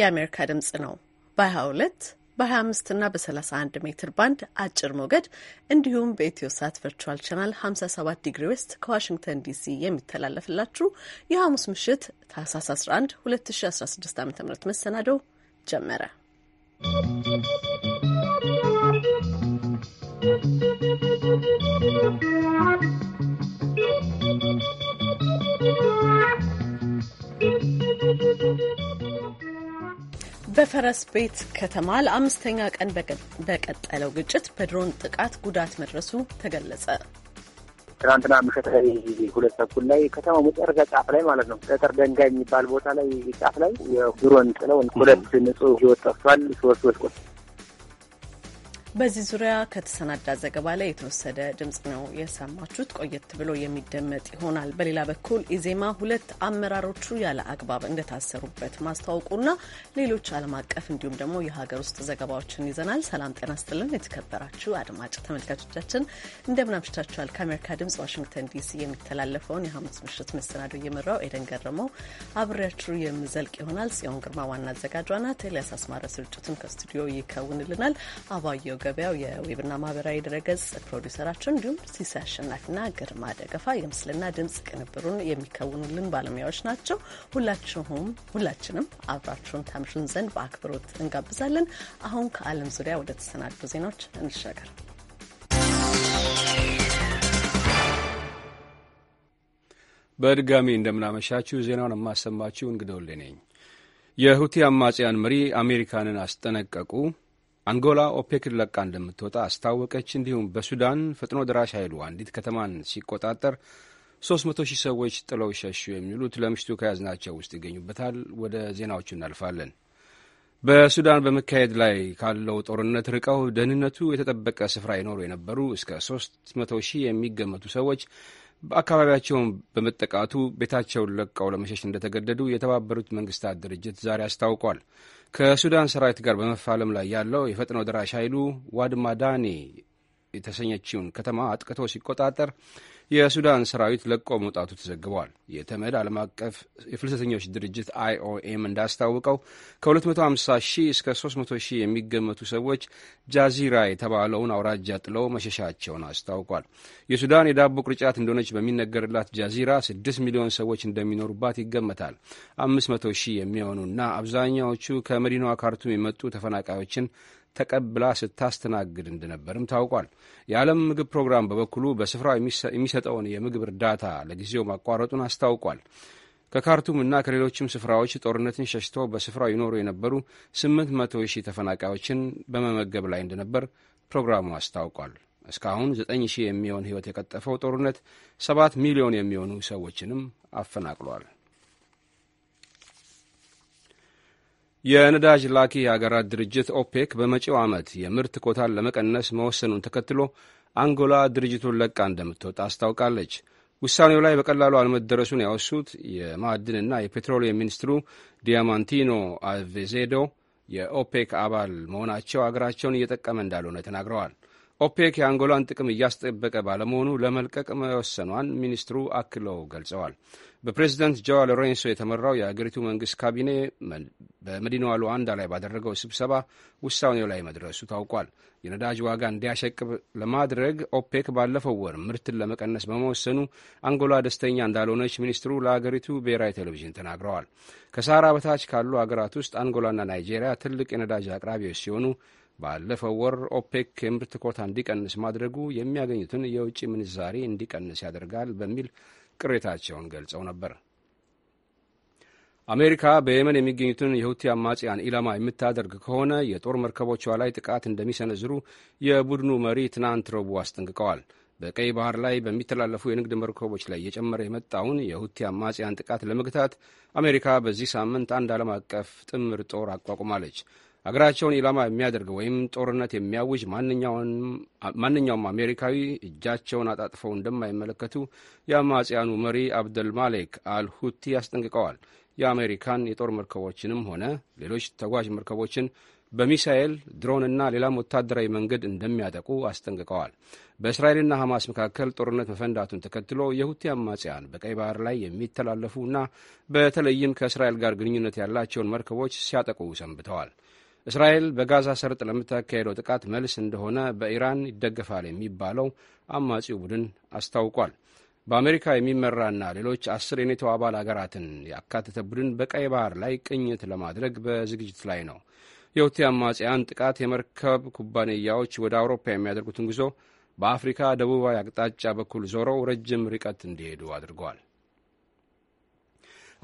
የአሜሪካ ድምጽ ነው በ22 በ25 እና በ31 ሜትር ባንድ አጭር ሞገድ እንዲሁም በኢትዮ ሳት ቨርቹዋል ቻናል 57 ዲግሪ ዌስት ከዋሽንግተን ዲሲ የሚተላለፍላችሁ የሐሙስ ምሽት ታህሳስ 11 2016 ዓ ም መሰናደው ጀመረ። በፈረስ ቤት ከተማ ለአምስተኛ ቀን በቀጠለው ግጭት በድሮን ጥቃት ጉዳት መድረሱ ተገለጸ። ትናንትና ምሽት ላይ ሁለት ተኩል ላይ ከተማው መጨረሻ ጫፍ ላይ ማለት ነው ጠጠር ድንጋይ የሚባል ቦታ ላይ ጫፍ ላይ የድሮን ጥለው ሁለት ንጹህ ህይወት ጠፍቷል። ሶስት ወድቆት በዚህ ዙሪያ ከተሰናዳ ዘገባ ላይ የተወሰደ ድምጽ ነው የሰማችሁት። ቆየት ብሎ የሚደመጥ ይሆናል። በሌላ በኩል ኢዜማ ሁለት አመራሮቹ ያለ አግባብ እንደታሰሩበት ማስታወቁና ሌሎች ዓለም አቀፍ እንዲሁም ደግሞ የሀገር ውስጥ ዘገባዎችን ይዘናል። ሰላም ጤና ስጥልን። የተከበራችሁ አድማጭ ተመልካቾቻችን እንደምን አምሽታችኋል። ከአሜሪካ ድምጽ ዋሽንግተን ዲሲ የሚተላለፈውን የሐሙስ ምሽት መሰናዶ እየመራው ኤደን ገረመው አብሬያችሁ የምዘልቅ ይሆናል። ጽዮን ግርማ ዋና አዘጋጇ ናት። ኤልያስ አስማረ ስርጭቱን ከስቱዲዮ ይከውንልናል። አባየው ገበያው የዌብና ማህበራዊ ድረገጽ ፕሮዲውሰራችን እንዲሁም ሲሳ አሸናፊና ግርማ ደገፋ የምስልና ድምጽ ቅንብሩን የሚከውኑልን ባለሙያዎች ናቸው። ሁላችሁም ሁላችንም አብራችሁን ታምሹን ዘንድ በአክብሮት እንጋብዛለን። አሁን ከዓለም ዙሪያ ወደ ተሰናዱ ዜናዎች እንሻገር። በድጋሚ እንደምናመሻችሁ ዜናውን የማሰማችሁ እንግደውልኔ ነኝ። የሁቲ አማጽያን መሪ አሜሪካንን አስጠነቀቁ። አንጎላ ኦፔክን ለቃ እንደምትወጣ አስታወቀች። እንዲሁም በሱዳን ፈጥኖ ደራሽ ኃይሉ አንዲት ከተማን ሲቆጣጠር 300 ሺህ ሰዎች ጥለው ሸሹ። የሚሉት ለምሽቱ ከያዝናቸው ውስጥ ይገኙበታል። ወደ ዜናዎቹ እናልፋለን። በሱዳን በመካሄድ ላይ ካለው ጦርነት ርቀው ደህንነቱ የተጠበቀ ስፍራ ይኖሩ የነበሩ እስከ 300 ሺህ የሚገመቱ ሰዎች በአካባቢያቸውን በመጠቃቱ ቤታቸውን ለቀው ለመሸሽ እንደተገደዱ የተባበሩት መንግስታት ድርጅት ዛሬ አስታውቋል። ከሱዳን ሰራዊት ጋር በመፋለም ላይ ያለው የፈጥኖ ደራሽ ኃይሉ ዋድማዳኔ የተሰኘችውን ከተማ አጥቅቶ ሲቆጣጠር የሱዳን ሰራዊት ለቆ መውጣቱ ተዘግቧል። የተመድ ዓለም አቀፍ የፍልሰተኞች ድርጅት አይኦኤም እንዳስታወቀው ከ250 ሺህ እስከ 300 ሺህ የሚገመቱ ሰዎች ጃዚራ የተባለውን አውራጃ ጥለው መሸሻቸውን አስታውቋል። የሱዳን የዳቦ ቅርጫት እንደሆነች በሚነገርላት ጃዚራ 6 ሚሊዮን ሰዎች እንደሚኖሩባት ይገመታል። 500 ሺህ የሚሆኑና አብዛኛዎቹ ከመዲናዋ ካርቱም የመጡ ተፈናቃዮችን ተቀብላ ስታስተናግድ እንደነበርም ታውቋል። የዓለም ምግብ ፕሮግራም በበኩሉ በስፍራው የሚሰጠውን የምግብ እርዳታ ለጊዜው ማቋረጡን አስታውቋል። ከካርቱም እና ከሌሎችም ስፍራዎች ጦርነትን ሸሽተው በስፍራው ይኖሩ የነበሩ 800 ሺህ ተፈናቃዮችን በመመገብ ላይ እንደነበር ፕሮግራሙ አስታውቋል። እስካሁን 9 ሺህ የሚሆን ሕይወት የቀጠፈው ጦርነት 7 ሚሊዮን የሚሆኑ ሰዎችንም አፈናቅሏል። የነዳጅ ላኪ የአገራት ድርጅት ኦፔክ በመጪው ዓመት የምርት ኮታን ለመቀነስ መወሰኑን ተከትሎ አንጎላ ድርጅቱን ለቃ እንደምትወጣ አስታውቃለች። ውሳኔው ላይ በቀላሉ አለመደረሱን ያወሱት የማዕድንና የፔትሮሊየም ሚኒስትሩ ዲያማንቲኖ አቬዜዶ የኦፔክ አባል መሆናቸው አገራቸውን እየጠቀመ እንዳልሆነ ተናግረዋል። ኦፔክ የአንጎላን ጥቅም እያስጠበቀ ባለመሆኑ ለመልቀቅ መወሰኗን ሚኒስትሩ አክለው ገልጸዋል። በፕሬዚደንት ጆዋ ሎሬንሶ የተመራው የአገሪቱ መንግስት ካቢኔ በመዲናዋ ሉዋንዳ ላይ ባደረገው ስብሰባ ውሳኔው ላይ መድረሱ ታውቋል። የነዳጅ ዋጋ እንዲያሸቅብ ለማድረግ ኦፔክ ባለፈው ወር ምርትን ለመቀነስ በመወሰኑ አንጎላ ደስተኛ እንዳልሆነች ሚኒስትሩ ለአገሪቱ ብሔራዊ ቴሌቪዥን ተናግረዋል። ከሳራ በታች ካሉ አገራት ውስጥ አንጎላና ናይጄሪያ ትልቅ የነዳጅ አቅራቢዎች ሲሆኑ ባለፈው ወር ኦፔክ የምርት ኮታ እንዲቀንስ ማድረጉ የሚያገኙትን የውጭ ምንዛሪ እንዲቀንስ ያደርጋል በሚል ቅሬታቸውን ገልጸው ነበር። አሜሪካ በየመን የሚገኙትን የሁቲ አማጽያን ኢላማ የምታደርግ ከሆነ የጦር መርከቦቿ ላይ ጥቃት እንደሚሰነዝሩ የቡድኑ መሪ ትናንት ረቡዕ አስጠንቅቀዋል። በቀይ ባህር ላይ በሚተላለፉ የንግድ መርከቦች ላይ እየጨመረ የመጣውን የሁቲ አማጽያን ጥቃት ለመግታት አሜሪካ በዚህ ሳምንት አንድ ዓለም አቀፍ ጥምር ጦር አቋቁማለች። አገራቸውን ኢላማ የሚያደርግ ወይም ጦርነት የሚያውጅ ማንኛውም አሜሪካዊ እጃቸውን አጣጥፈው እንደማይመለከቱ የአማጽያኑ መሪ አብደል ማሌክ አልሁቲ አስጠንቅቀዋል። የአሜሪካን የጦር መርከቦችንም ሆነ ሌሎች ተጓዥ መርከቦችን በሚሳኤል ድሮንና ሌላም ወታደራዊ መንገድ እንደሚያጠቁ አስጠንቅቀዋል። በእስራኤልና ሐማስ መካከል ጦርነት መፈንዳቱን ተከትሎ የሁቲ አማጽያን በቀይ ባህር ላይ የሚተላለፉ እና በተለይም ከእስራኤል ጋር ግንኙነት ያላቸውን መርከቦች ሲያጠቁ ሰንብተዋል። እስራኤል በጋዛ ሰርጥ ለምታካሄደው ጥቃት መልስ እንደሆነ በኢራን ይደገፋል የሚባለው አማጺው ቡድን አስታውቋል። በአሜሪካ የሚመራና ሌሎች አስር የኔቶ አባል አገራትን ያካተተ ቡድን በቀይ ባህር ላይ ቅኝት ለማድረግ በዝግጅት ላይ ነው። የሁቲ አማጽያን ጥቃት የመርከብ ኩባንያዎች ወደ አውሮፓ የሚያደርጉትን ጉዞ በአፍሪካ ደቡባዊ አቅጣጫ በኩል ዞረው ረጅም ርቀት እንዲሄዱ አድርገዋል።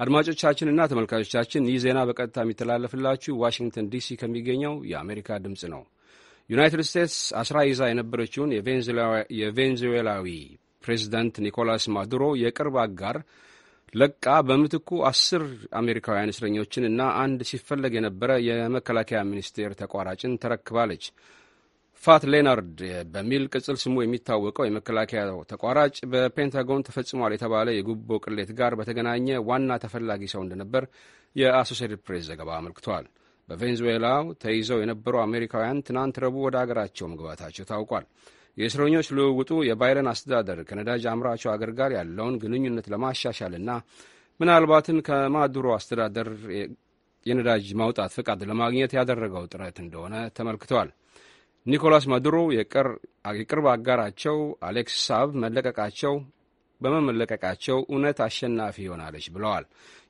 አድማጮቻችንና ተመልካቾቻችን ይህ ዜና በቀጥታ የሚተላለፍላችሁ ዋሽንግተን ዲሲ ከሚገኘው የአሜሪካ ድምፅ ነው። ዩናይትድ ስቴትስ አስራ ይዛ የነበረችውን የቬንዙዌላዊ ፕሬዚዳንት ኒኮላስ ማዱሮ የቅርብ አጋር ለቃ በምትኩ አስር አሜሪካውያን እስረኞችን እና አንድ ሲፈለግ የነበረ የመከላከያ ሚኒስቴር ተቋራጭን ተረክባለች። ፋት ሌናርድ በሚል ቅጽል ስሙ የሚታወቀው የመከላከያው ተቋራጭ በፔንታጎን ተፈጽሟል የተባለ የጉቦ ቅሌት ጋር በተገናኘ ዋና ተፈላጊ ሰው እንደነበር የአሶሴትድ ፕሬስ ዘገባ አመልክቷል። በቬንዙዌላው ተይዘው የነበሩ አሜሪካውያን ትናንት ረቡዕ ወደ አገራቸው መግባታቸው ታውቋል። የእስረኞች ልውውጡ የባይደን አስተዳደር ከነዳጅ አምራቹ አገር ጋር ያለውን ግንኙነት ለማሻሻልና ምናልባትም ከማዱሮ አስተዳደር የነዳጅ ማውጣት ፈቃድ ለማግኘት ያደረገው ጥረት እንደሆነ ተመልክቷል። ኒኮላስ ማዱሮ የቅርብ አጋራቸው አሌክስ ሳብ መለቀቃቸው በመመለቀቃቸው እውነት አሸናፊ ይሆናለች ብለዋል።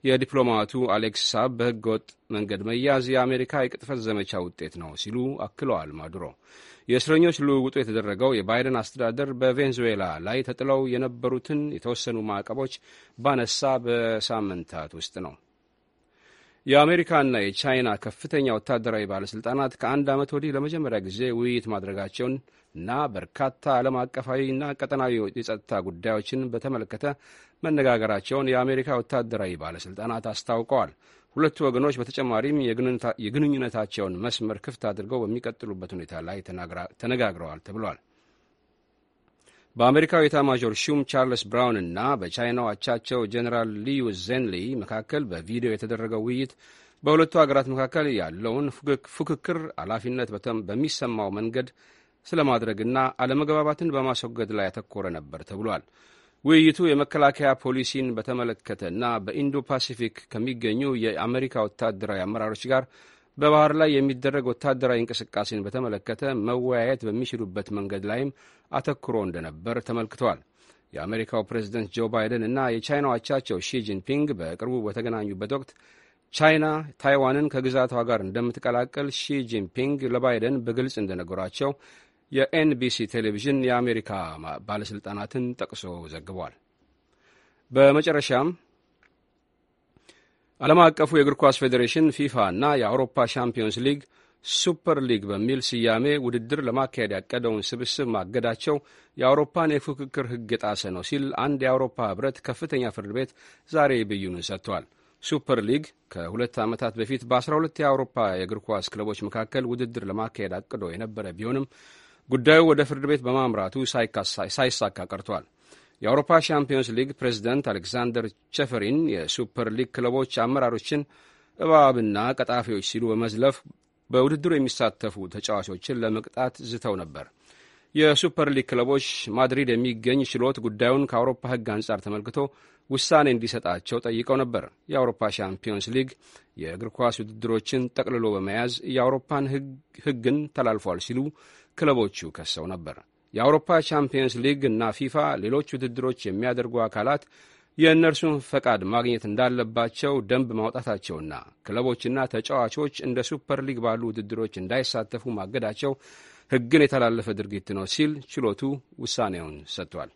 የዲፕሎማቱ አሌክስ ሳብ በሕገ ወጥ መንገድ መያዝ የአሜሪካ የቅጥፈት ዘመቻ ውጤት ነው ሲሉ አክለዋል። ማዱሮ የእስረኞች ልውውጡ የተደረገው የባይደን አስተዳደር በቬንዙዌላ ላይ ተጥለው የነበሩትን የተወሰኑ ማዕቀቦች ባነሳ በሳምንታት ውስጥ ነው። የአሜሪካና የቻይና ከፍተኛ ወታደራዊ ባለሥልጣናት ከአንድ ዓመት ወዲህ ለመጀመሪያ ጊዜ ውይይት ማድረጋቸውን እና በርካታ ዓለም አቀፋዊና ቀጠናዊ የጸጥታ ጉዳዮችን በተመለከተ መነጋገራቸውን የአሜሪካ ወታደራዊ ባለሥልጣናት አስታውቀዋል። ሁለቱ ወገኖች በተጨማሪም የግንኙነታቸውን መስመር ክፍት አድርገው በሚቀጥሉበት ሁኔታ ላይ ተነጋግረዋል ተብሏል። በአሜሪካው የኤታማዦር ሹም ቻርልስ ብራውን እና በቻይናው አቻቸው ጀኔራል ሊዩ ዜንሊ መካከል በቪዲዮ የተደረገው ውይይት በሁለቱ አገራት መካከል ያለውን ፉክክር ኃላፊነት በሚሰማው መንገድ ስለማድረግና አለመግባባትን በማስወገድ ላይ ያተኮረ ነበር ተብሏል። ውይይቱ የመከላከያ ፖሊሲን በተመለከተና በኢንዶ ፓሲፊክ ከሚገኙ የአሜሪካ ወታደራዊ አመራሮች ጋር በባህር ላይ የሚደረግ ወታደራዊ እንቅስቃሴን በተመለከተ መወያየት በሚችሉበት መንገድ ላይም አተኩሮ እንደነበር ተመልክቷል። የአሜሪካው ፕሬዝደንት ጆ ባይደን እና የቻይና አቻቸው ሺ ጂንፒንግ በቅርቡ በተገናኙበት ወቅት ቻይና ታይዋንን ከግዛቷ ጋር እንደምትቀላቀል ሺ ጂንፒንግ ለባይደን በግልጽ እንደነገሯቸው የኤንቢሲ ቴሌቪዥን የአሜሪካ ባለሥልጣናትን ጠቅሶ ዘግቧል። በመጨረሻም ዓለም አቀፉ የእግር ኳስ ፌዴሬሽን ፊፋ እና የአውሮፓ ሻምፒዮንስ ሊግ ሱፐር ሊግ በሚል ስያሜ ውድድር ለማካሄድ ያቀደውን ስብስብ ማገዳቸው የአውሮፓን የፉክክር ሕግ የጣሰ ነው ሲል አንድ የአውሮፓ ሕብረት ከፍተኛ ፍርድ ቤት ዛሬ ብይኑን ሰጥቷል። ሱፐር ሊግ ከሁለት ዓመታት በፊት በ12 የአውሮፓ የእግር ኳስ ክለቦች መካከል ውድድር ለማካሄድ አቅዶ የነበረ ቢሆንም ጉዳዩ ወደ ፍርድ ቤት በማምራቱ ሳይሳካ ቀርቷል። የአውሮፓ ሻምፒዮንስ ሊግ ፕሬዝደንት አሌክዛንደር ቸፈሪን የሱፐር ሊግ ክለቦች አመራሮችን እባብና ቀጣፊዎች ሲሉ በመዝለፍ በውድድሩ የሚሳተፉ ተጫዋቾችን ለመቅጣት ዝተው ነበር። የሱፐር ሊግ ክለቦች ማድሪድ የሚገኝ ችሎት ጉዳዩን ከአውሮፓ ሕግ አንጻር ተመልክቶ ውሳኔ እንዲሰጣቸው ጠይቀው ነበር። የአውሮፓ ሻምፒዮንስ ሊግ የእግር ኳስ ውድድሮችን ጠቅልሎ በመያዝ የአውሮፓን ሕግን ተላልፏል ሲሉ ክለቦቹ ከሰው ነበር። የአውሮፓ ቻምፒየንስ ሊግ እና ፊፋ ሌሎች ውድድሮች የሚያደርጉ አካላት የእነርሱን ፈቃድ ማግኘት እንዳለባቸው ደንብ ማውጣታቸውና ክለቦችና ተጫዋቾች እንደ ሱፐር ሊግ ባሉ ውድድሮች እንዳይሳተፉ ማገዳቸው ሕግን የተላለፈ ድርጊት ነው ሲል ችሎቱ ውሳኔውን ሰጥቷል።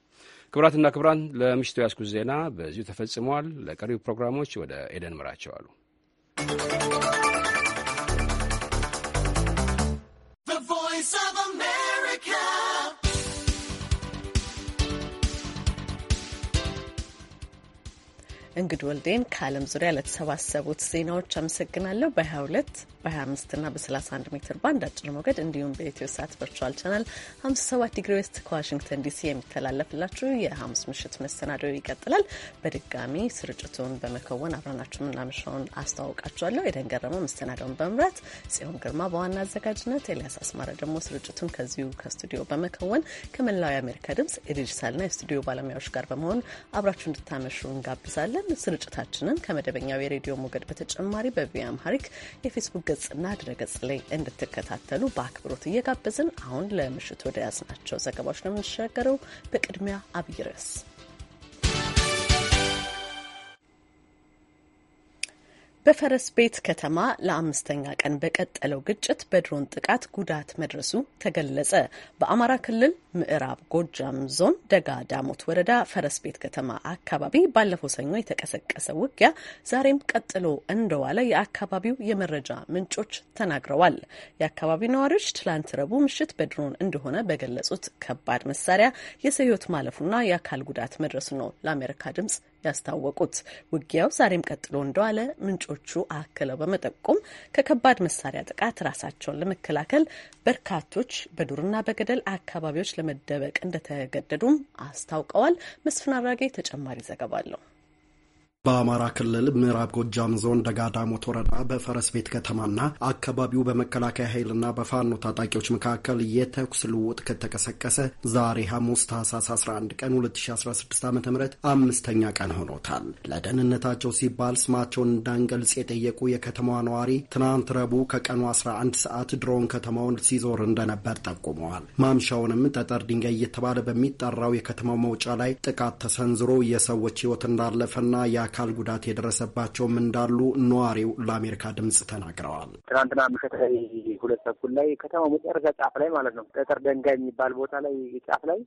ክብራትና ክብራን ለምሽቱ ያስኩት ዜና በዚሁ ተፈጽመዋል። ለቀሪው ፕሮግራሞች ወደ ኤደን ምራቸዋሉ። እንግዲህ ወልዴን ከዓለም ዙሪያ ለተሰባሰቡት ዜናዎች አመሰግናለሁ። በ22 በ25 እና በ31 ሜትር ባንድ አጭር ሞገድ እንዲሁም በኢትዮ ሳት ቨርቹዋል ቻናል 57 ዲግሪ ዌስት ከዋሽንግተን ዲሲ የሚተላለፍላችሁ የሐሙስ ምሽት መሰናዶው ይቀጥላል። በድጋሚ ስርጭቱን በመከወን አብረናችሁ ምናመሻውን አስተዋውቃችኋለሁ። የደን ገረመው መሰናዶውን በመምራት ጽዮን ግርማ በዋና አዘጋጅነት፣ ኤልያስ አስማረ ደግሞ ስርጭቱን ከዚሁ ከስቱዲዮ በመከወን ከመላው የአሜሪካ ድምጽ የዲጂታልና የስቱዲዮ ባለሙያዎች ጋር በመሆን አብራችሁ እንድታመሹ እንጋብዛለን። ስርጭታችንን ከመደበኛው የሬዲዮ ሞገድ በተጨማሪ በቪኦኤ አምሃሪክ የፌስቡክ ገጽና ድረገጽ ላይ እንድትከታተሉ በአክብሮት እየጋበዝን አሁን ለምሽት ወደ ያዝናቸው ዘገባዎች ነው የምንሸጋገረው። በቅድሚያ አብይ ርዕስ በፈረስ ቤት ከተማ ለአምስተኛ ቀን በቀጠለው ግጭት በድሮን ጥቃት ጉዳት መድረሱ ተገለጸ። በአማራ ክልል ምዕራብ ጎጃም ዞን ደጋ ዳሞት ወረዳ ፈረስ ቤት ከተማ አካባቢ ባለፈው ሰኞ የተቀሰቀሰ ውጊያ ዛሬም ቀጥሎ እንደዋለ የአካባቢው የመረጃ ምንጮች ተናግረዋል። የአካባቢው ነዋሪዎች ትላንት ረቡዕ ምሽት በድሮን እንደሆነ በገለጹት ከባድ መሳሪያ የሰው ሕይወት ማለፉና የአካል ጉዳት መድረሱ ነው ለአሜሪካ ድምጽ ያስታወቁት። ውጊያው ዛሬም ቀጥሎ እንደዋለ ምንጮቹ አክለው በመጠቆም ከከባድ መሳሪያ ጥቃት ራሳቸውን ለመከላከል በርካቶች በዱርና በገደል አካባቢዎች ለመደበቅ እንደተገደዱም አስታውቀዋል። መስፍን አራጌ ተጨማሪ ዘገባ አለው። በአማራ ክልል ምዕራብ ጎጃም ዞን ደጋዳሞት ወረዳ በፈረስ ቤት ከተማና አካባቢው በመከላከያ ኃይልና በፋኖ ታጣቂዎች መካከል የተኩስ ልውውጥ ከተቀሰቀሰ ዛሬ ሐሙስ ታህሳስ 11 ቀን 2016 ዓ ም አምስተኛ ቀን ሆኖታል። ለደህንነታቸው ሲባል ስማቸውን እንዳንገልጽ የጠየቁ የከተማዋ ነዋሪ ትናንት ረቡዕ ከቀኑ 11 ሰዓት ድሮን ከተማውን ሲዞር እንደነበር ጠቁመዋል። ማምሻውንም ጠጠር ድንጋይ እየተባለ በሚጠራው የከተማው መውጫ ላይ ጥቃት ተሰንዝሮ የሰዎች ሕይወት እንዳለፈና የአካል ጉዳት የደረሰባቸውም እንዳሉ ነዋሪው ለአሜሪካ ድምጽ ተናግረዋል። ትናንትና ምሽት ላይ ሁለት ተኩል ላይ ከተማው መጨረሻ ጫፍ ላይ ማለት ነው ጠጠር ደንጋይ የሚባል ቦታ ላይ ጫፍ ላይ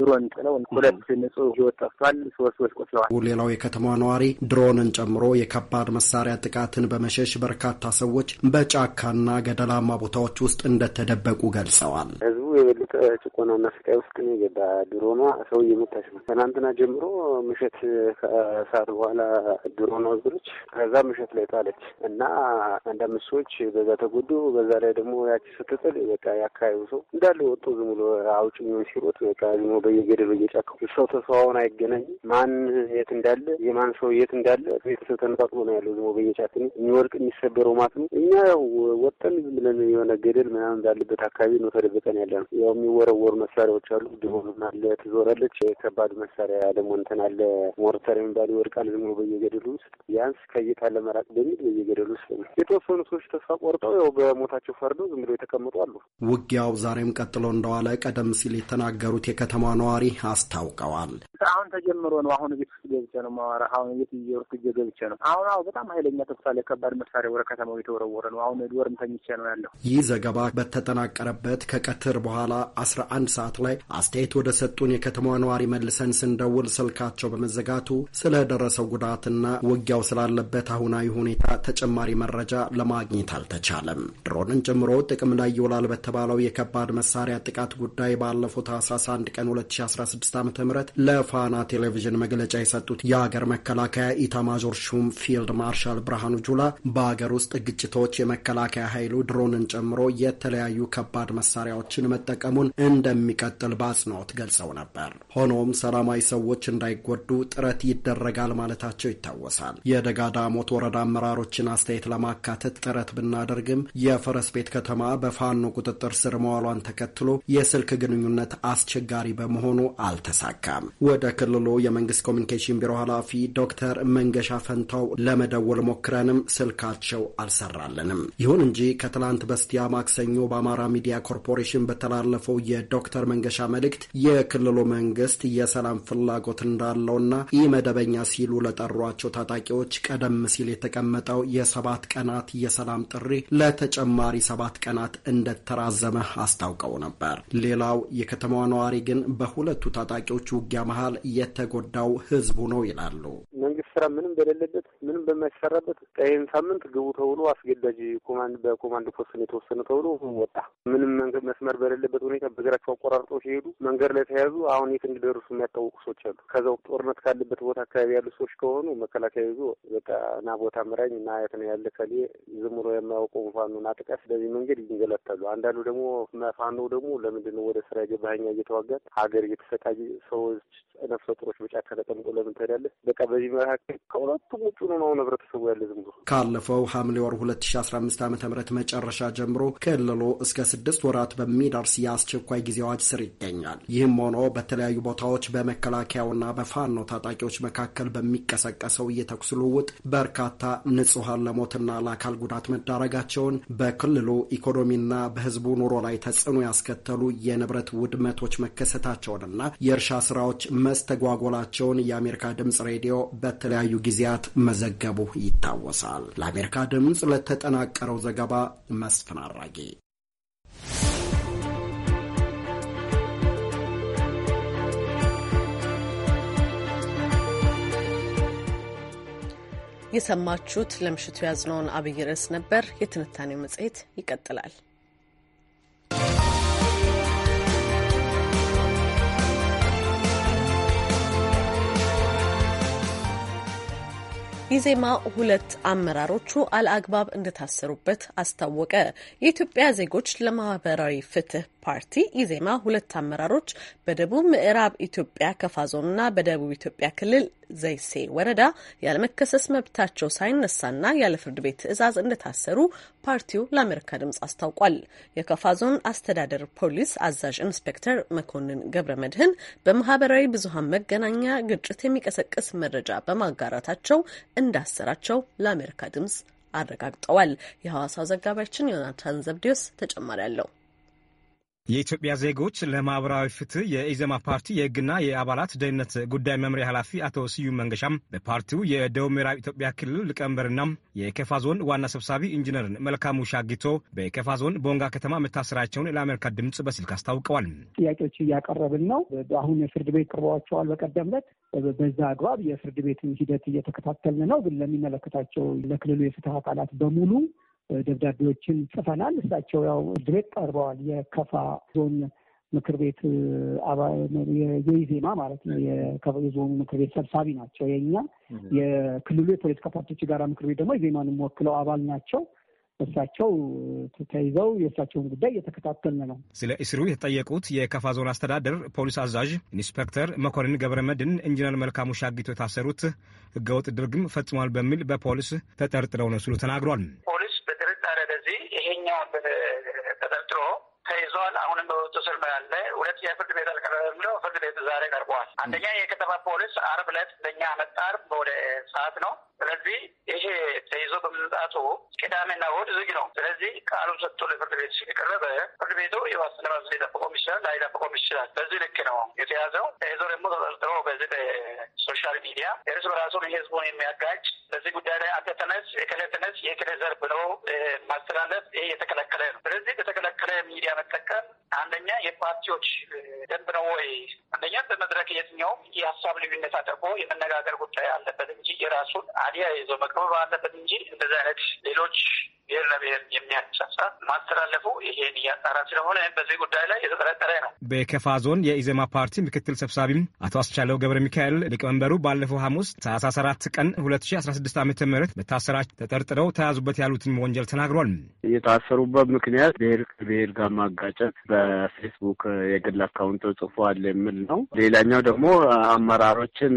ድሮን ጥለው ሁለት ንጹህ ህይወት ጠፍቷል፣ ሶስት ሰዎች ቆስለዋል። ሌላው የከተማ ነዋሪ ድሮንን ጨምሮ የከባድ መሳሪያ ጥቃትን በመሸሽ በርካታ ሰዎች በጫካና ገደላማ ቦታዎች ውስጥ እንደተደበቁ ገልጸዋል። ህዝቡ የበለጠ ጭቆናና ስቃይ ውስጥ ነው የገባ። ድሮኗ ሰው እየመታች ነው። ትናንትና ጀምሮ ምሽት ከሰዓት በኋላ ድሮኗ ወዘዶች፣ ከዛ ምሽት ላይ ጣለች እና አንዳንድ አምስት ሰዎች በዛ ተጎዱ። በዛ ላይ ደግሞ ያቺ ስትጥል በቃ ያካባቢው ሰው እንዳለ ወጡ። ዝም ብሎ አውጭ አውጭኝን ሲሮጥ በቃ ዝሞ በየገደሉ እየጫከው ሰው ተሰዋውን አይገናኝም። ማን የት እንዳለ የማን ሰው የት እንዳለ ቤተሰብ ተነጣጥሎ ነው ያለው። ዝሞ በየጫት የሚወርቅ የሚሰበረው ማት ነው። እኛ ያው ወጠን ዝም ብለን የሆነ ገደል ምናምን ባለበት አካባቢ ነው ተደብቀን ያለ ነው። ያው የሚወረወሩ መሳሪያዎች አሉ። ድሮንም አለ ትዞራለች። ከባድ መሳሪያ ደግሞ እንትን አለ ሞርተር የሚባል ይወድቃል። ዝም ብሎ በየገደሉ ውስጥ ቢያንስ ከእይታ ለመራቅ በሚል በየገደሉ ውስጥ ነው። የተወሰኑ ሰዎች ተስፋ ቆርጠው ያው በሞታቸው ፈርደው ዝም ብሎ የተቀመጡ አሉ። ውጊያው ዛሬም ቀጥሎ እንደዋለ ቀደም ሲል የተናገሩት የከተማ ነዋሪ አስታውቀዋል። አሁን ተጀምሮ ነው። አሁን ቤት ውስጥ ገብቼ ነው ማዋራ አሁን ቤት ውስጥ ገብቼ ነው አሁን አሁ በጣም ኃይለኛ ተኩስ አለ። ከባድ መሳሪያ ወደ ከተማው የተወረወረ ነው። አሁን ዶርም ተኝቼ ነው ያለው። ይህ ዘገባ በተጠናቀረበት ከቀትር በኋላ 11 ሰዓት ላይ አስተያየት ወደ ሰጡን የከተማዋ ነዋሪ መልሰን ስንደውል ስልካቸው በመዘጋቱ ስለደረሰው ጉዳትና ውጊያው ስላለበት አሁናዊ ሁኔታ ተጨማሪ መረጃ ለማግኘት አልተቻለም። ድሮንን ጨምሮ ጥቅም ላይ ይውላል በተባለው የከባድ መሳሪያ ጥቃት ጉዳይ ባለፉት 11 ቀን 2016 ዓ ም ለፋና ቴሌቪዥን መግለጫ የሰጡት የአገር መከላከያ ኢታማዦር ሹም ፊልድ ማርሻል ብርሃኑ ጁላ በአገር ውስጥ ግጭቶች የመከላከያ ኃይሉ ድሮንን ጨምሮ የተለያዩ ከባድ መሳሪያዎችን መጠቀሙን እንደሚቀጥል በአጽንኦት ገልጸው ነበር። ሆኖም ሰላማዊ ሰዎች እንዳይጎዱ ጥረት ይደረጋል ማለታቸው ይታወሳል። የደጋዳሞት ወረዳ አመራሮችን አስተያየት ለማካተት ጥረት ብናደርግም የፈረስ ቤት ከተማ በፋኖ ቁጥጥር ስር መዋሏን ተከትሎ የስልክ ግንኙነት አስቸጋሪ በመሆኑ አልተሳካም። ወደ ክልሉ የመንግስት ኮሚኒኬሽን ቢሮ ኃላፊ ዶክተር መንገሻ ፈንታው ለመደወል ሞክረንም ስልካቸው አልሰራልንም። ይሁን እንጂ ከትላንት በስቲያ ማክሰኞ በአማራ ሚዲያ ኮርፖሬሽን በተ ያስተላለፈው የዶክተር መንገሻ መልእክት የክልሉ መንግስት የሰላም ፍላጎት እንዳለውና መደበኛ ሲሉ ለጠሯቸው ታጣቂዎች ቀደም ሲል የተቀመጠው የሰባት ቀናት የሰላም ጥሪ ለተጨማሪ ሰባት ቀናት እንደተራዘመ አስታውቀው ነበር። ሌላው የከተማዋ ነዋሪ ግን በሁለቱ ታጣቂዎች ውጊያ መሀል የተጎዳው ህዝቡ ነው ይላሉ። መንግስት ስራ ምንም በሌለበት ምንም በማይሰራበት ይህን ሳምንት ግቡ ተብሎ አስገዳጅ ኮማንድ በኮማንድ ፖስት ነው የተወሰነ ተብሎ ወጣ። ምንም መስመር በሌለበት ሁኔታ በእግራቸው አቆራርጦ ሲሄዱ መንገድ ላይ ተያዙ። አሁን የት እንዲደርሱ የሚያታወቁ ሰዎች አሉ። ከዛው ጦርነት ካለበት ቦታ አካባቢ ያሉ ሰዎች ከሆኑ መከላከያ ይዞ በቃ ና ቦታ ምራኝ ና የት ነው ያለ ከሌ ዝም ብሎ የማያውቀው ፋኖ ና ጥቃ። ስለዚህ መንገድ ይንገላታሉ። አንዳንዱ ደግሞ መፋኖ ደግሞ ለምንድን ነው ወደ ስራ የገባኛ እየተዋጋት ሀገር እየተሰቃየ ሰዎች ነፍሰ ጡሮች በጫካ ተቀምጦ ለምን ትሄዳለህ? በቃ በዚህ መካከል ከሁለቱም ውጭ ነው ነው ህብረተሰቡ ያለ ዝም ብሎ ካለፈው ሐምሌ ወር 2015 ዓ ም መጨረሻ ጀምሮ ክልሉ እስከ ስድስት ወራት በሚደርስ የአስቸኳይ ጊዜ አዋጅ ስር ይገኛል። ይህም ሆኖ በተለያዩ ቦታዎች በመከላከያውና በፋኖ ታጣቂዎች መካከል በሚቀሰቀሰው የተኩስ ልውውጥ በርካታ ንጹሐን ለሞትና ለአካል ጉዳት መዳረጋቸውን በክልሉ ኢኮኖሚና በህዝቡ ኑሮ ላይ ተጽዕኖ ያስከተሉ የንብረት ውድመቶች መከሰታቸውንና የእርሻ ስራዎች መስተጓጎላቸውን የአሜሪካ ድምጽ ሬዲዮ በተለያዩ ጊዜያት መዘ መዘገቡ ይታወሳል። ለአሜሪካ ድምፅ ለተጠናቀረው ዘገባ መስፍን አራጌ። የሰማችሁት ለምሽቱ ያዝነውን አብይ ርዕስ ነበር። የትንታኔው መጽሔት ይቀጥላል። ኢዜማ ሁለት አመራሮቹ አልአግባብ እንደታሰሩበት አስታወቀ። የኢትዮጵያ ዜጎች ለማህበራዊ ፍትህ ፓርቲ ኢዜማ ሁለት አመራሮች በደቡብ ምዕራብ ኢትዮጵያ ከፋ ዞንና በደቡብ ኢትዮጵያ ክልል ዘይሴ ወረዳ ያለመከሰስ መብታቸው ሳይነሳና ያለ ፍርድ ቤት ትዕዛዝ እንደታሰሩ ፓርቲው ለአሜሪካ ድምጽ አስታውቋል። የከፋ ዞን አስተዳደር ፖሊስ አዛዥ ኢንስፔክተር መኮንን ገብረ መድህን በማህበራዊ ብዙሀን መገናኛ ግጭት የሚቀሰቅስ መረጃ በማጋራታቸው እንዳሰራቸው ለአሜሪካ ድምጽ አረጋግጠዋል። የሐዋሳው ዘጋቢያችን ዮናታን ዘብዴዎስ ተጨማሪ አለው። የኢትዮጵያ ዜጎች ለማህበራዊ ፍትህ የኢዜማ ፓርቲ የህግና የአባላት ደህንነት ጉዳይ መምሪያ ኃላፊ አቶ ስዩም መንገሻም በፓርቲው የደቡብ ምዕራብ ኢትዮጵያ ክልል ሊቀመንበርና የከፋ ዞን ዋና ሰብሳቢ ኢንጂነርን መልካሙ ሻጊቶ በከፋ ዞን ቦንጋ ከተማ መታሰራቸውን ለአሜሪካ ድምፅ በስልክ አስታውቀዋል። ጥያቄዎች እያቀረብን ነው። አሁን የፍርድ ቤት ቅርበዋቸዋል። በቀደም ዕለት በዛ አግባብ የፍርድ ቤትን ሂደት እየተከታተልን ነው። ግን ለሚመለከታቸው ለክልሉ የፍትህ አካላት በሙሉ ደብዳቤዎችን ጽፈናል። እሳቸው ያው ድሬት ቀርበዋል። የከፋ ዞን ምክር ቤት የኢዜማ ማለት ነው። የዞኑ ምክር ቤት ሰብሳቢ ናቸው። የእኛ የክልሉ የፖለቲካ ፓርቲዎች ጋራ ምክር ቤት ደግሞ ኢዜማን የሚወክለው አባል ናቸው። እሳቸው ተይዘው የእሳቸውን ጉዳይ እየተከታተልን ነው። ስለ እስሩ የተጠየቁት የከፋ ዞን አስተዳደር ፖሊስ አዛዥ ኢንስፔክተር መኮንን ገብረመድን ኢንጂነር መልካሙ ሻግቶ የታሰሩት ህገወጥ ድርግም ፈጽሟል በሚል በፖሊስ ተጠርጥረው ነው ሲሉ ተናግሯል። ይሄኛው ተጠርጥሮ ተይዟል። አሁንም በወጡ ስር ያለ ሁለት የፍርድ ቤት አልቀረበም ብለው ፍርድ ቤት ዛሬ ቀርበዋል። አንደኛ የከተማ ፖሊስ አርብ ዕለት በእኛ መጣር አርብ ወደ ሰዓት ነው ስለዚህ ይሄ ተይዞ በመምጣቱ ቅዳሜና እሑድ ዝግ ነው። ስለዚህ ቃሉን ሰጥቶ ለፍርድ ቤት ሲቀረበ ፍርድ ቤቱ የዋስትና መብት ሊጠብቆም ይችላል፣ ላይጠብቆም ይችላል። በዚህ ልክ ነው የተያዘው። ተይዞ ደግሞ ተጠርጥሮ በዚህ በሶሻል ሚዲያ እርስ በራሱን ህዝቡን የሚያጋጭ በዚህ ጉዳይ ላይ አንተ ተነስ፣ የክለ ተነስ፣ የክልል ዘር ብለው ማስተላለፍ ይሄ የተከለከለ ነው። ስለዚህ በተከለከለ ሚዲያ መጠቀም አንደኛ የፓርቲዎች ደንብ ነው ወይ? አንደኛ በመድረክ የትኛውም የሀሳብ ልዩነት አድርጎ የመነጋገር ጉዳይ አለበት እንጂ የራሱን ሀዲያ ይዞ መቅረብ አለበት እንጂ እንደዚህ አይነት ሌሎች ብሔር ለብሔር የሚያሳሳት ማስተላለፉ ይሄን እያጣራ ስለሆነ በዚህ ጉዳይ ላይ የተጠረጠረ ነው። በከፋ ዞን የኢዜማ ፓርቲ ምክትል ሰብሳቢም አቶ አስቻለው ገብረ ሚካኤል ሊቀመንበሩ ባለፈው ሐሙስ ታህሳስ አራት ቀን 2016 ዓ ም በታሰራች ተጠርጥረው ተያዙበት ያሉትን ወንጀል ተናግሯል። የታሰሩበት ምክንያት ብሔር ከብሔር ጋር ማጋጨት በፌስቡክ የግል አካውንት ጽፏል የሚል ነው። ሌላኛው ደግሞ አመራሮችን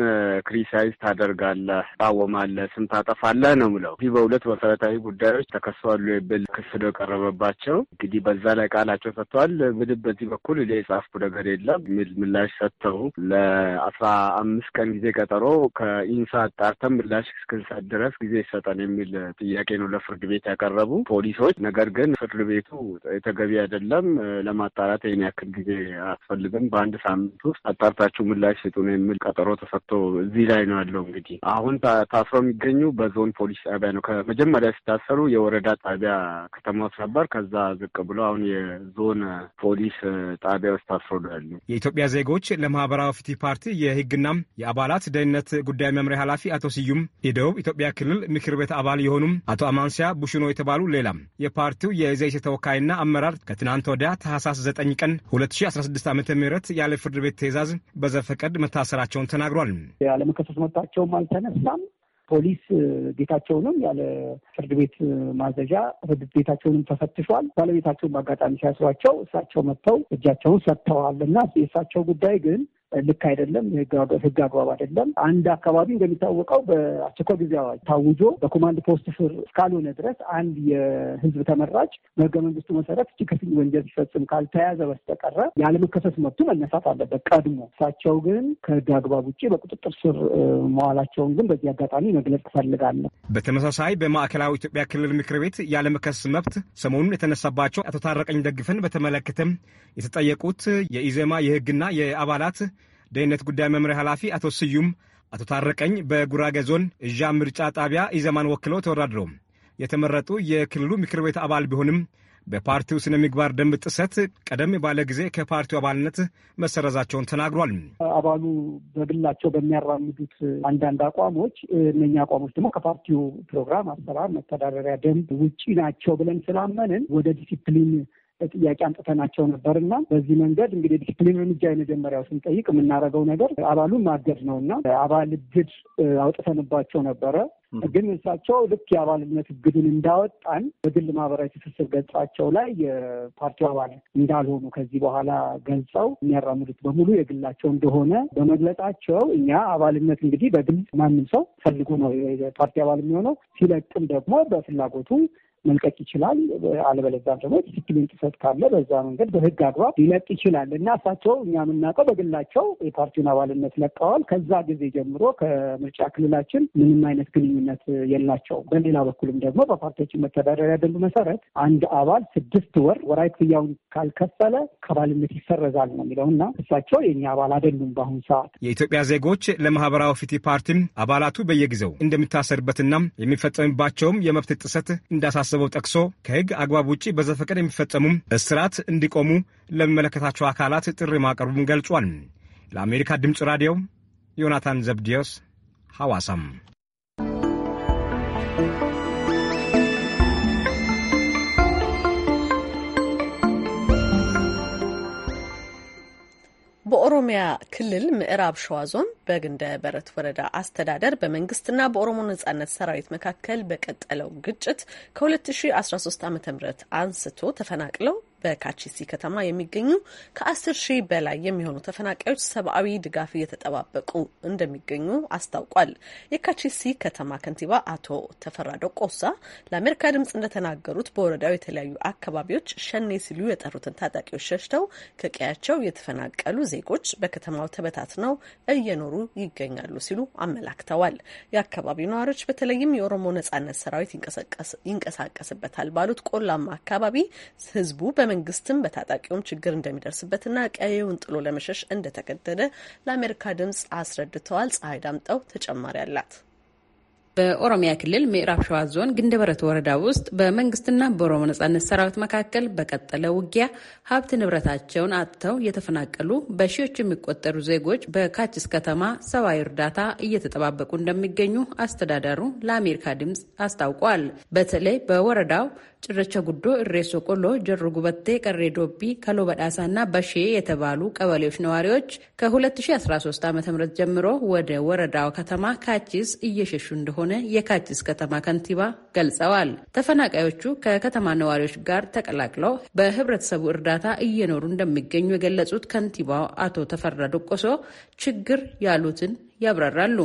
ክሪሳይዝ ታደርጋለህ፣ ታወማለህ፣ ስም ታጠፋለህ ነው ምለው። ይህ በሁለት መሰረታዊ ጉዳዮች ተከስ ተከሰዋል የሚል ክስ ነው የቀረበባቸው። እንግዲህ በዛ ላይ ቃላቸው ሰጥተዋል። ምንም በዚህ በኩል እኔ የጻፍኩ ነገር የለም የሚል ምላሽ ሰጥተው ለአስራ አምስት ቀን ጊዜ ቀጠሮ ከኢንሳ አጣርተን ምላሽ እስክንሰጥ ድረስ ጊዜ ይሰጠን የሚል ጥያቄ ነው ለፍርድ ቤት ያቀረቡ ፖሊሶች። ነገር ግን ፍርድ ቤቱ የተገቢ አይደለም ለማጣራት ይህን ያክል ጊዜ አያስፈልግም፣ በአንድ ሳምንት ውስጥ አጣርታችሁ ምላሽ ነው የሚል ቀጠሮ ተሰጥቶ እዚህ ላይ ነው ያለው። እንግዲህ አሁን ታስረው የሚገኙ በዞን ፖሊስ ጣቢያ ነው። ከመጀመሪያ ሲታሰሩ የወረዳ ጣቢያ ከተማ ውስጥ ነበር። ከዛ ዝቅ ብሎ አሁን የዞን ፖሊስ ጣቢያ ውስጥ ታስረዱ ያሉ የኢትዮጵያ ዜጎች ለማህበራዊ ፍትህ ፓርቲ የህግና የአባላት ደህንነት ጉዳይ መምሪያ ኃላፊ አቶ ስዩም፣ የደቡብ ኢትዮጵያ ክልል ምክር ቤት አባል የሆኑም አቶ አማንሲያ ቡሽኖ የተባሉ ሌላም የፓርቲው የዘይሴ ተወካይና አመራር ከትናንት ወዲያ ታህሳስ 9 ቀን 2016 ዓ ም ያለ ፍርድ ቤት ትእዛዝ በዘፈቀድ መታሰራቸውን ተናግሯል። ያለመከሰስ መብታቸውም አልተነሳም። ፖሊስ ቤታቸውንም ያለ ፍርድ ቤት ማዘዣ ፍርድ ቤታቸውንም ተፈትሿል። ባለቤታቸውን በአጋጣሚ ሲያስሯቸው እሳቸው መጥተው እጃቸውን ሰጥተዋል እና የእሳቸው ጉዳይ ግን ልክ አይደለም፣ ህግ አግባብ አይደለም። አንድ አካባቢ እንደሚታወቀው በአስቸኳይ ጊዜ አዋጅ ታውጆ በኮማንድ ፖስት ስር እስካልሆነ ድረስ አንድ የህዝብ ተመራጭ በህገ መንግስቱ መሰረት ችክፍኝ ወንጀል ሲፈጽም ካልተያዘ በስተቀረ ያለመከሰስ መብቱ መነሳት አለበት ቀድሞ። እሳቸው ግን ከህግ አግባብ ውጭ በቁጥጥር ስር መዋላቸውን ግን በዚህ አጋጣሚ መግለጽ እፈልጋለሁ። በተመሳሳይ በማዕከላዊ ኢትዮጵያ ክልል ምክር ቤት ያለመከሰስ መብት ሰሞኑን የተነሳባቸው አቶ ታረቀኝ ደግፈን በተመለከተም የተጠየቁት የኢዜማ የህግና የአባላት ደህንነት ጉዳይ መምሪያ ኃላፊ አቶ ስዩም አቶ ታረቀኝ በጉራጌ ዞን እዣ ምርጫ ጣቢያ ኢዘማን ወክለው ተወዳድረው የተመረጡ የክልሉ ምክር ቤት አባል ቢሆንም በፓርቲው ስነ ምግባር ደንብ ጥሰት ቀደም ባለ ጊዜ ከፓርቲው አባልነት መሰረዛቸውን ተናግሯል። አባሉ በግላቸው በሚያራምዱት አንዳንድ አቋሞች እነኛ አቋሞች ደግሞ ከፓርቲው ፕሮግራም፣ አሰራር፣ መተዳደሪያ ደንብ ውጪ ናቸው ብለን ስላመንን ወደ ዲሲፕሊን ጥያቄ አንጥተናቸው ነበር እና በዚህ መንገድ እንግዲህ ዲስፕሊን እርምጃ የመጀመሪያው ስንጠይቅ የምናደርገው ነገር አባሉን ማገድ ነው እና አባል እግድ አውጥተንባቸው ነበረ። ግን እሳቸው ልክ የአባልነት እግድን እንዳወጣን በግል ማህበራዊ ትስስር ገጻቸው ላይ የፓርቲው አባል እንዳልሆኑ ከዚህ በኋላ ገልጸው የሚያራምዱት በሙሉ የግላቸው እንደሆነ በመግለጻቸው እኛ አባልነት እንግዲህ በግል ማንም ሰው ፈልጎ ነው የፓርቲ አባል የሚሆነው፣ ሲለቅም ደግሞ በፍላጎቱ መልቀቅ ይችላል። አለበለዚያም ደግሞ ዲስፕሊን ጥሰት ካለ በዛ መንገድ በህግ አግባብ ሊለቅ ይችላል እና እሳቸው እኛ የምናውቀው በግላቸው የፓርቲውን አባልነት ለቀዋል። ከዛ ጊዜ ጀምሮ ከምርጫ ክልላችን ምንም አይነት ግንኙነት የላቸውም። በሌላ በኩልም ደግሞ በፓርቲዎች መተዳደሪያ ደንብ መሰረት አንድ አባል ስድስት ወር ወራዊ ክፍያውን ካልከፈለ ከባልነት ይሰረዛል ነው የሚለው እና እሳቸው የእኛ አባል አይደሉም። በአሁኑ ሰዓት የኢትዮጵያ ዜጎች ለማህበራዊ ፍትህ ፓርቲም አባላቱ በየጊዜው እንደሚታሰርበትና የሚፈጸምባቸውም የመብት ጥሰት እንዳሳስ እንዳሳሰበው ጠቅሶ ከህግ አግባብ ውጭ በዘፈቀድ የሚፈጸሙም እስራት እንዲቆሙ ለሚመለከታቸው አካላት ጥሪ ማቅረቡም ገልጿል። ለአሜሪካ ድምፅ ራዲዮ ዮናታን ዘብዲዮስ ሐዋሳም በኦሮሚያ ክልል ምዕራብ ሸዋ ዞን በግንደ በረት ወረዳ አስተዳደር በመንግስትና በኦሮሞ ነጻነት ሰራዊት መካከል በቀጠለው ግጭት ከ2013 ዓ ም አንስቶ ተፈናቅለው በካቺሲ ከተማ የሚገኙ ከአስር ሺህ በላይ የሚሆኑ ተፈናቃዮች ሰብአዊ ድጋፍ እየተጠባበቁ እንደሚገኙ አስታውቋል። የካቺሲ ከተማ ከንቲባ አቶ ተፈራዶ ቆሳ ለአሜሪካ ድምጽ እንደተናገሩት በወረዳው የተለያዩ አካባቢዎች ሸኔ ሲሉ የጠሩትን ታጣቂዎች ሸሽተው ከቀያቸው የተፈናቀሉ ዜጎች በከተማው ተበታትነው እየኖሩ ይገኛሉ ሲሉ አመላክተዋል። የአካባቢው ነዋሪዎች በተለይም የኦሮሞ ነጻነት ሰራዊት ይንቀሳቀስበታል ባሉት ቆላማ አካባቢ ህዝቡ በመ መንግስትም በታጣቂውም ችግር እንደሚደርስበትና ቀየውን ጥሎ ለመሸሽ እንደተገደደ ለአሜሪካ ድምጽ አስረድተዋል። ፀሐይ ዳምጠው ተጨማሪ አላት። በኦሮሚያ ክልል ምዕራብ ሸዋ ዞን ግንደበረት ወረዳ ውስጥ በመንግስትና በኦሮሞ ነጻነት ሰራዊት መካከል በቀጠለ ውጊያ ሀብት ንብረታቸውን አጥተው የተፈናቀሉ በሺዎች የሚቆጠሩ ዜጎች በካችስ ከተማ ሰብአዊ እርዳታ እየተጠባበቁ እንደሚገኙ አስተዳደሩ ለአሜሪካ ድምፅ አስታውቋል። በተለይ በወረዳው ጭረቸ ጉዶ፣ እሬሶ ቆሎ፣ ጀሩ ጉበቴ፣ ቀሬ ዶቢ፣ ከሎ በዳሳ እና በሼ የተባሉ ቀበሌዎች ነዋሪዎች ከ2013 ዓ ም ጀምሮ ወደ ወረዳው ከተማ ካችስ እየሸሹ እንደሆነ እንደሆነ የካቲስ ከተማ ከንቲባ ገልጸዋል። ተፈናቃዮቹ ከከተማ ነዋሪዎች ጋር ተቀላቅለው በህብረተሰቡ እርዳታ እየኖሩ እንደሚገኙ የገለጹት ከንቲባው አቶ ተፈራ ቆሶ ችግር ያሉትን ያብራራሉ።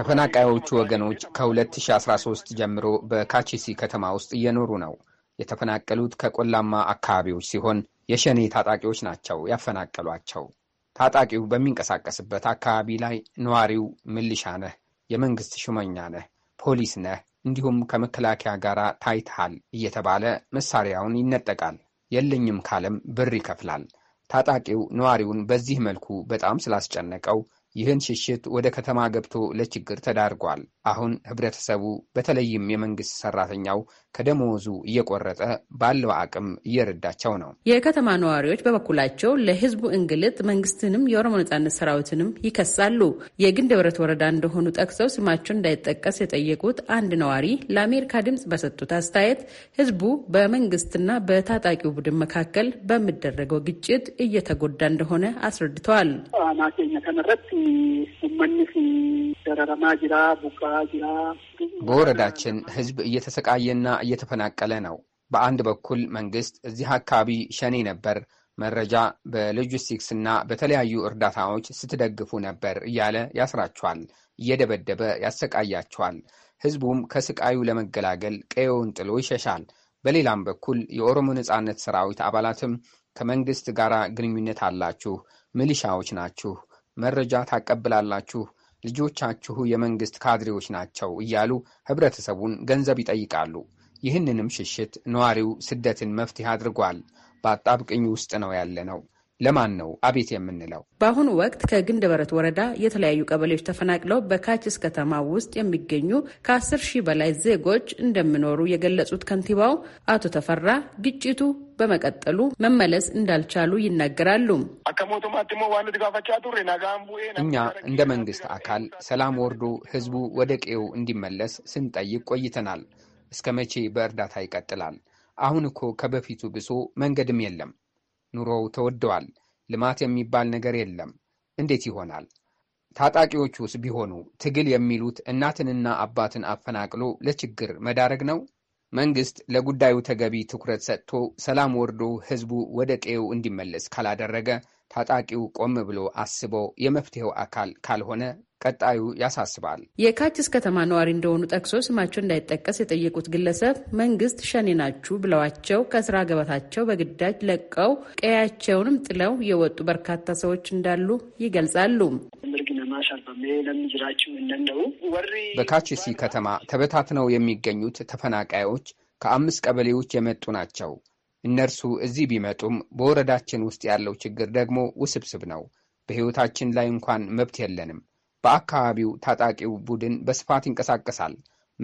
ተፈናቃዮቹ ወገኖች ከ2013 ጀምሮ በካቺሲ ከተማ ውስጥ እየኖሩ ነው። የተፈናቀሉት ከቆላማ አካባቢዎች ሲሆን የሸኔ ታጣቂዎች ናቸው ያፈናቀሏቸው። ታጣቂው በሚንቀሳቀስበት አካባቢ ላይ ነዋሪው ምልሻ ነህ፣ የመንግስት ሹመኛ ነህ፣ ፖሊስ ነህ፣ እንዲሁም ከመከላከያ ጋር ታይተሃል እየተባለ መሳሪያውን ይነጠቃል። የለኝም ካለም ብር ይከፍላል። ታጣቂው ነዋሪውን በዚህ መልኩ በጣም ስላስጨነቀው ይህን ሽሽት ወደ ከተማ ገብቶ ለችግር ተዳርጓል። አሁን ህብረተሰቡ በተለይም የመንግስት ሰራተኛው ከደመወዙ እየቆረጠ ባለው አቅም እየረዳቸው ነው። የከተማ ነዋሪዎች በበኩላቸው ለህዝቡ እንግልት መንግስትንም የኦሮሞ ነጻነት ሰራዊትንም ይከሳሉ። የግን ደብረት ወረዳ እንደሆኑ ጠቅሰው ስማቸውን እንዳይጠቀስ የጠየቁት አንድ ነዋሪ ለአሜሪካ ድምፅ በሰጡት አስተያየት ህዝቡ በመንግስትና በታጣቂው ቡድን መካከል በሚደረገው ግጭት እየተጎዳ እንደሆነ አስረድተዋል። ገረረማ ጅራ ቡቃ ጅራ። በወረዳችን ህዝብ እየተሰቃየና እየተፈናቀለ ነው። በአንድ በኩል መንግስት እዚህ አካባቢ ሸኔ ነበር መረጃ በሎጂስቲክስ እና በተለያዩ እርዳታዎች ስትደግፉ ነበር እያለ ያስራቸዋል እየደበደበ ያሰቃያቸዋል። ህዝቡም ከስቃዩ ለመገላገል ቀየውን ጥሎ ይሸሻል። በሌላም በኩል የኦሮሞ ነጻነት ሰራዊት አባላትም ከመንግስት ጋር ግንኙነት አላችሁ፣ ሚሊሻዎች ናችሁ፣ መረጃ ታቀብላላችሁ፣ ልጆቻችሁ የመንግስት ካድሬዎች ናቸው እያሉ ህብረተሰቡን ገንዘብ ይጠይቃሉ። ይህንንም ሽሽት ነዋሪው ስደትን መፍትሄ አድርጓል። በአጣብቅኝ ውስጥ ነው ያለ ነው። ለማን ነው አቤት የምንለው? በአሁኑ ወቅት ከግንደ በረት ወረዳ የተለያዩ ቀበሌዎች ተፈናቅለው በካችስ ከተማ ውስጥ የሚገኙ ከአስር ሺህ በላይ ዜጎች እንደሚኖሩ የገለጹት ከንቲባው አቶ ተፈራ ግጭቱ በመቀጠሉ መመለስ እንዳልቻሉ ይናገራሉ። እኛ እንደ መንግስት አካል ሰላም ወርዶ ህዝቡ ወደ ቀዬው እንዲመለስ ስንጠይቅ ቆይተናል። እስከ መቼ በእርዳታ ይቀጥላል? አሁን እኮ ከበፊቱ ብሶ መንገድም የለም። ኑሮው ተወደዋል። ልማት የሚባል ነገር የለም። እንዴት ይሆናል? ታጣቂዎቹስ ቢሆኑ ትግል የሚሉት እናትንና አባትን አፈናቅሎ ለችግር መዳረግ ነው? መንግስት ለጉዳዩ ተገቢ ትኩረት ሰጥቶ ሰላም ወርዶ ህዝቡ ወደ ቀዬው እንዲመለስ ካላደረገ ታጣቂው ቆም ብሎ አስቦ የመፍትሄው አካል ካልሆነ ቀጣዩ ያሳስባል። የካችስ ከተማ ነዋሪ እንደሆኑ ጠቅሶ ስማቸው እንዳይጠቀስ የጠየቁት ግለሰብ መንግስት ሸኔ ናችሁ ብለዋቸው ከስራ ገበታቸው በግዳጅ ለቀው ቀያቸውንም ጥለው የወጡ በርካታ ሰዎች እንዳሉ ይገልጻሉ። በካችሲ ከተማ ተበታትነው የሚገኙት ተፈናቃዮች ከአምስት ቀበሌዎች የመጡ ናቸው። እነርሱ እዚህ ቢመጡም በወረዳችን ውስጥ ያለው ችግር ደግሞ ውስብስብ ነው። በሕይወታችን ላይ እንኳን መብት የለንም። በአካባቢው ታጣቂው ቡድን በስፋት ይንቀሳቀሳል።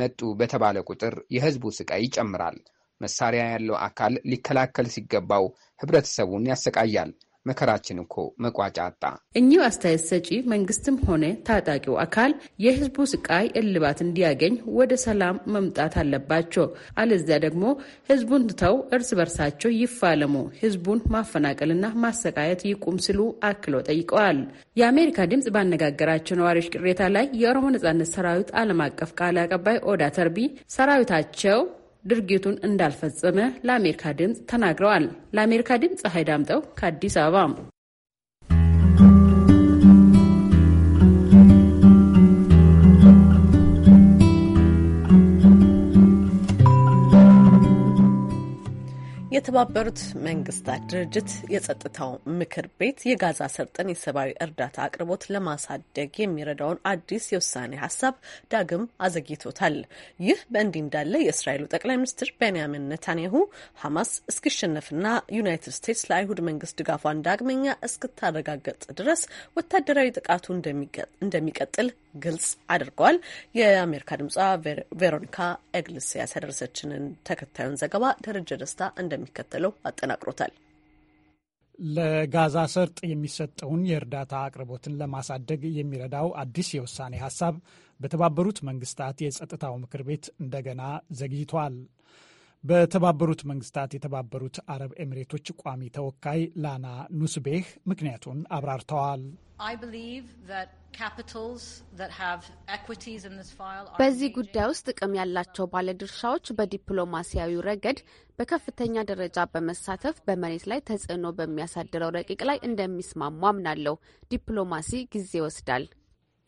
መጡ በተባለ ቁጥር የሕዝቡ ስቃይ ይጨምራል። መሳሪያ ያለው አካል ሊከላከል ሲገባው ህብረተሰቡን ያሰቃያል። መከራችን እኮ መቋጫ አጣ። እኚሁ አስተያየት ሰጪ መንግስትም ሆነ ታጣቂው አካል የህዝቡ ስቃይ እልባት እንዲያገኝ ወደ ሰላም መምጣት አለባቸው። አለዚያ ደግሞ ህዝቡን ትተው እርስ በርሳቸው ይፋለሙ፣ ህዝቡን ማፈናቀልና ማሰቃየት ይቁም ሲሉ አክለው ጠይቀዋል። የአሜሪካ ድምፅ ባነጋገራቸው ነዋሪዎች ቅሬታ ላይ የኦሮሞ ነጻነት ሰራዊት ዓለም አቀፍ ቃል አቀባይ ኦዳ ተርቢ ሰራዊታቸው ድርጊቱን እንዳልፈጸመ ለአሜሪካ ድምፅ ተናግረዋል። ለአሜሪካ ድምፅ ፀሐይ ዳምጠው ከአዲስ አበባ የተባበሩት መንግስታት ድርጅት የጸጥታው ምክር ቤት የጋዛ ሰርጥን የሰብአዊ እርዳታ አቅርቦት ለማሳደግ የሚረዳውን አዲስ የውሳኔ ሀሳብ ዳግም አዘግይቶታል። ይህ በእንዲህ እንዳለ የእስራኤሉ ጠቅላይ ሚኒስትር ቤንያሚን ነታንያሁ ሐማስ እስኪሸነፍና ዩናይትድ ስቴትስ ለአይሁድ መንግስት ድጋፏን ዳግመኛ እስክታረጋገጥ ድረስ ወታደራዊ ጥቃቱ እንደሚቀጥል ግልጽ አድርገዋል። የአሜሪካ ድምጿ ቬሮኒካ ኤግሊሲያስ ያደረሰችንን ተከታዩን ዘገባ ደረጀ ደስታ እንደሚ እንደሚከተለው አጠናቅሮታል። ለጋዛ ሰርጥ የሚሰጠውን የእርዳታ አቅርቦትን ለማሳደግ የሚረዳው አዲስ የውሳኔ ሀሳብ በተባበሩት መንግስታት የጸጥታው ምክር ቤት እንደገና ዘግይቷል። በተባበሩት መንግስታት የተባበሩት አረብ ኤሚሬቶች ቋሚ ተወካይ ላና ኑስቤህ ምክንያቱን አብራርተዋል። በዚህ ጉዳይ ውስጥ ጥቅም ያላቸው ባለድርሻዎች በዲፕሎማሲያዊ ረገድ በከፍተኛ ደረጃ በመሳተፍ በመሬት ላይ ተጽዕኖ በሚያሳድረው ረቂቅ ላይ እንደሚስማሙ አምናለሁ። ዲፕሎማሲ ጊዜ ይወስዳል።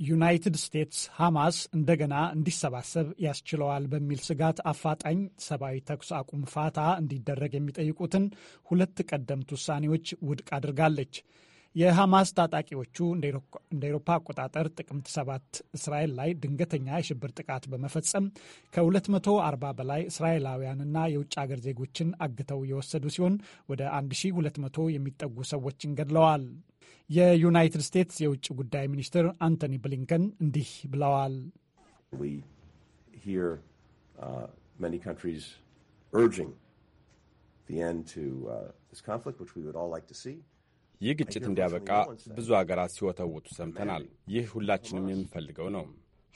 ዩናይትድ ስቴትስ ሐማስ እንደገና እንዲሰባሰብ ያስችለዋል በሚል ስጋት አፋጣኝ ሰብአዊ ተኩስ አቁም ፋታ እንዲደረግ የሚጠይቁትን ሁለት ቀደምት ውሳኔዎች ውድቅ አድርጋለች። የሐማስ ታጣቂዎቹ እንደ ኤሮፓ አቆጣጠር ጥቅምት 7 እስራኤል ላይ ድንገተኛ የሽብር ጥቃት በመፈጸም ከ240 በላይ እስራኤላውያንና የውጭ አገር ዜጎችን አግተው የወሰዱ ሲሆን ወደ 1200 የሚጠጉ ሰዎችን ገድለዋል። የዩናይትድ ስቴትስ የውጭ ጉዳይ ሚኒስትር አንቶኒ ብሊንከን እንዲህ ብለዋል። uh, uh, ይህ ግጭት እንዲያበቃ ብዙ አገራት ሲወተውቱ ሰምተናል። ይህ ሁላችንም የምንፈልገው ነው።